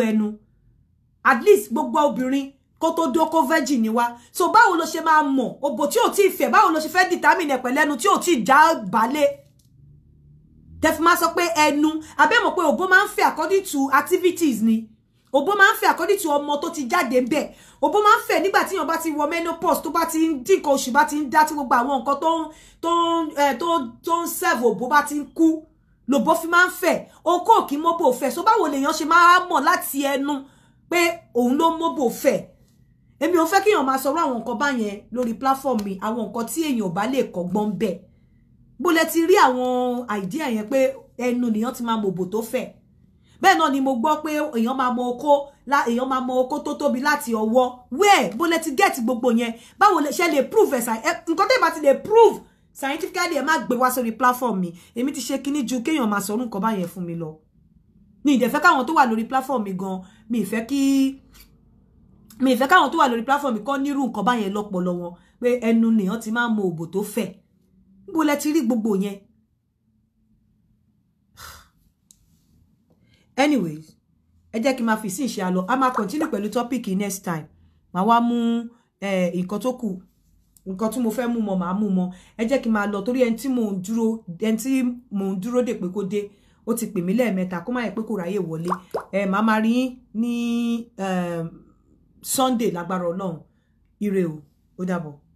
at least gbogbo obìnrin kó tó dóko virgin ni wá so báwo lo ṣe ma mo òbò ti ò tí ì fẹ̀ báwo lo ṣe fẹ́ dìtàmì ẹ̀ pẹ̀lú ẹnu tí ò tí ì já balẹ̀ tẹ́fí máa sọ pé ẹnu abẹ́mọ̀ pé òbó máa ń according to activities ni òbó máa ń fẹ́ according to ọmọ tó ti jáde bẹ́ẹ̀ òbó máa ń fẹ́ nígbà tí èèyàn bá ti wọ menopause tó bá ti ń dín nǹkan oṣù bá ti ń dá tí gbogbo àwọn nǹkan tó ń tó ń tó ń tó ń serve òbó bá ti ń kú lòbó fi máa ń fẹ́ okó òkì mọ́bò fẹ́ so báwo lèèyàn ṣe máa mọ̀ láti ẹnu pé òun ló mọ́bò fẹ́ èmi ò fẹ́ kéèyàn máa sọ̀rọ̀ àwọn nǹkan báyẹn lórí platform mi àwọn nǹkan tí èèyàn ò bá lè kọ́gbọ́n bẹ́ẹ̀ bó lẹ ti rí àwọn idea yẹn pé ẹnu nìyàn ti máa mọ̀bò tó fẹ́ẹ́ bẹ́ẹ̀ náà ni mo gbọ́ pé èèyàn máa mọ okó èèyàn máa mọ okó tó tóbi láti ọwọ́ wẹ́ẹ̀ bó lẹ ti gẹ́ẹ̀tì gbogbo yẹn báwo lẹ ṣe lè prove ẹ̀ nǹkan tẹ́ bá ti lè prove scientifically ẹ má gbé wá sórí platform mi èmi ti ṣe kinní ju kéèyàn máa sọ̀rọ̀ nǹkan báyẹn fún mi lọ mi ìdẹ̀ fẹ́ káwọn tó wà lórí platform mi gan mi ìfẹ́ kí mi ìfẹ́ káwọn tó wà lórí platform mi kọ́ nírú nǹkan báyẹn lọ́pọ̀lọ́ wọn pé ẹnu nìyàn ti máa mọ òbò tó fẹ̀ níbo lẹ ti rí gbogbo yẹn anyways ẹ jẹ́ kí n máa fi sí ìṣe àlọ́ a máa continue pẹ̀lú tọ́píìkì next time màá wá mú nǹkan tó kù nǹkan tí mo fẹ́ mú mọ màá mú mọ ẹ jẹ́ kí n lọ torí ẹni tí mò ń dúró ẹni tí ti pè mí lẹ́ẹ̀mẹ́ta kó má yẹ pé kó ráyè wọlé màá máa rí ní Sunday lágbára Ọlọ́run ire o ó dàbọ̀.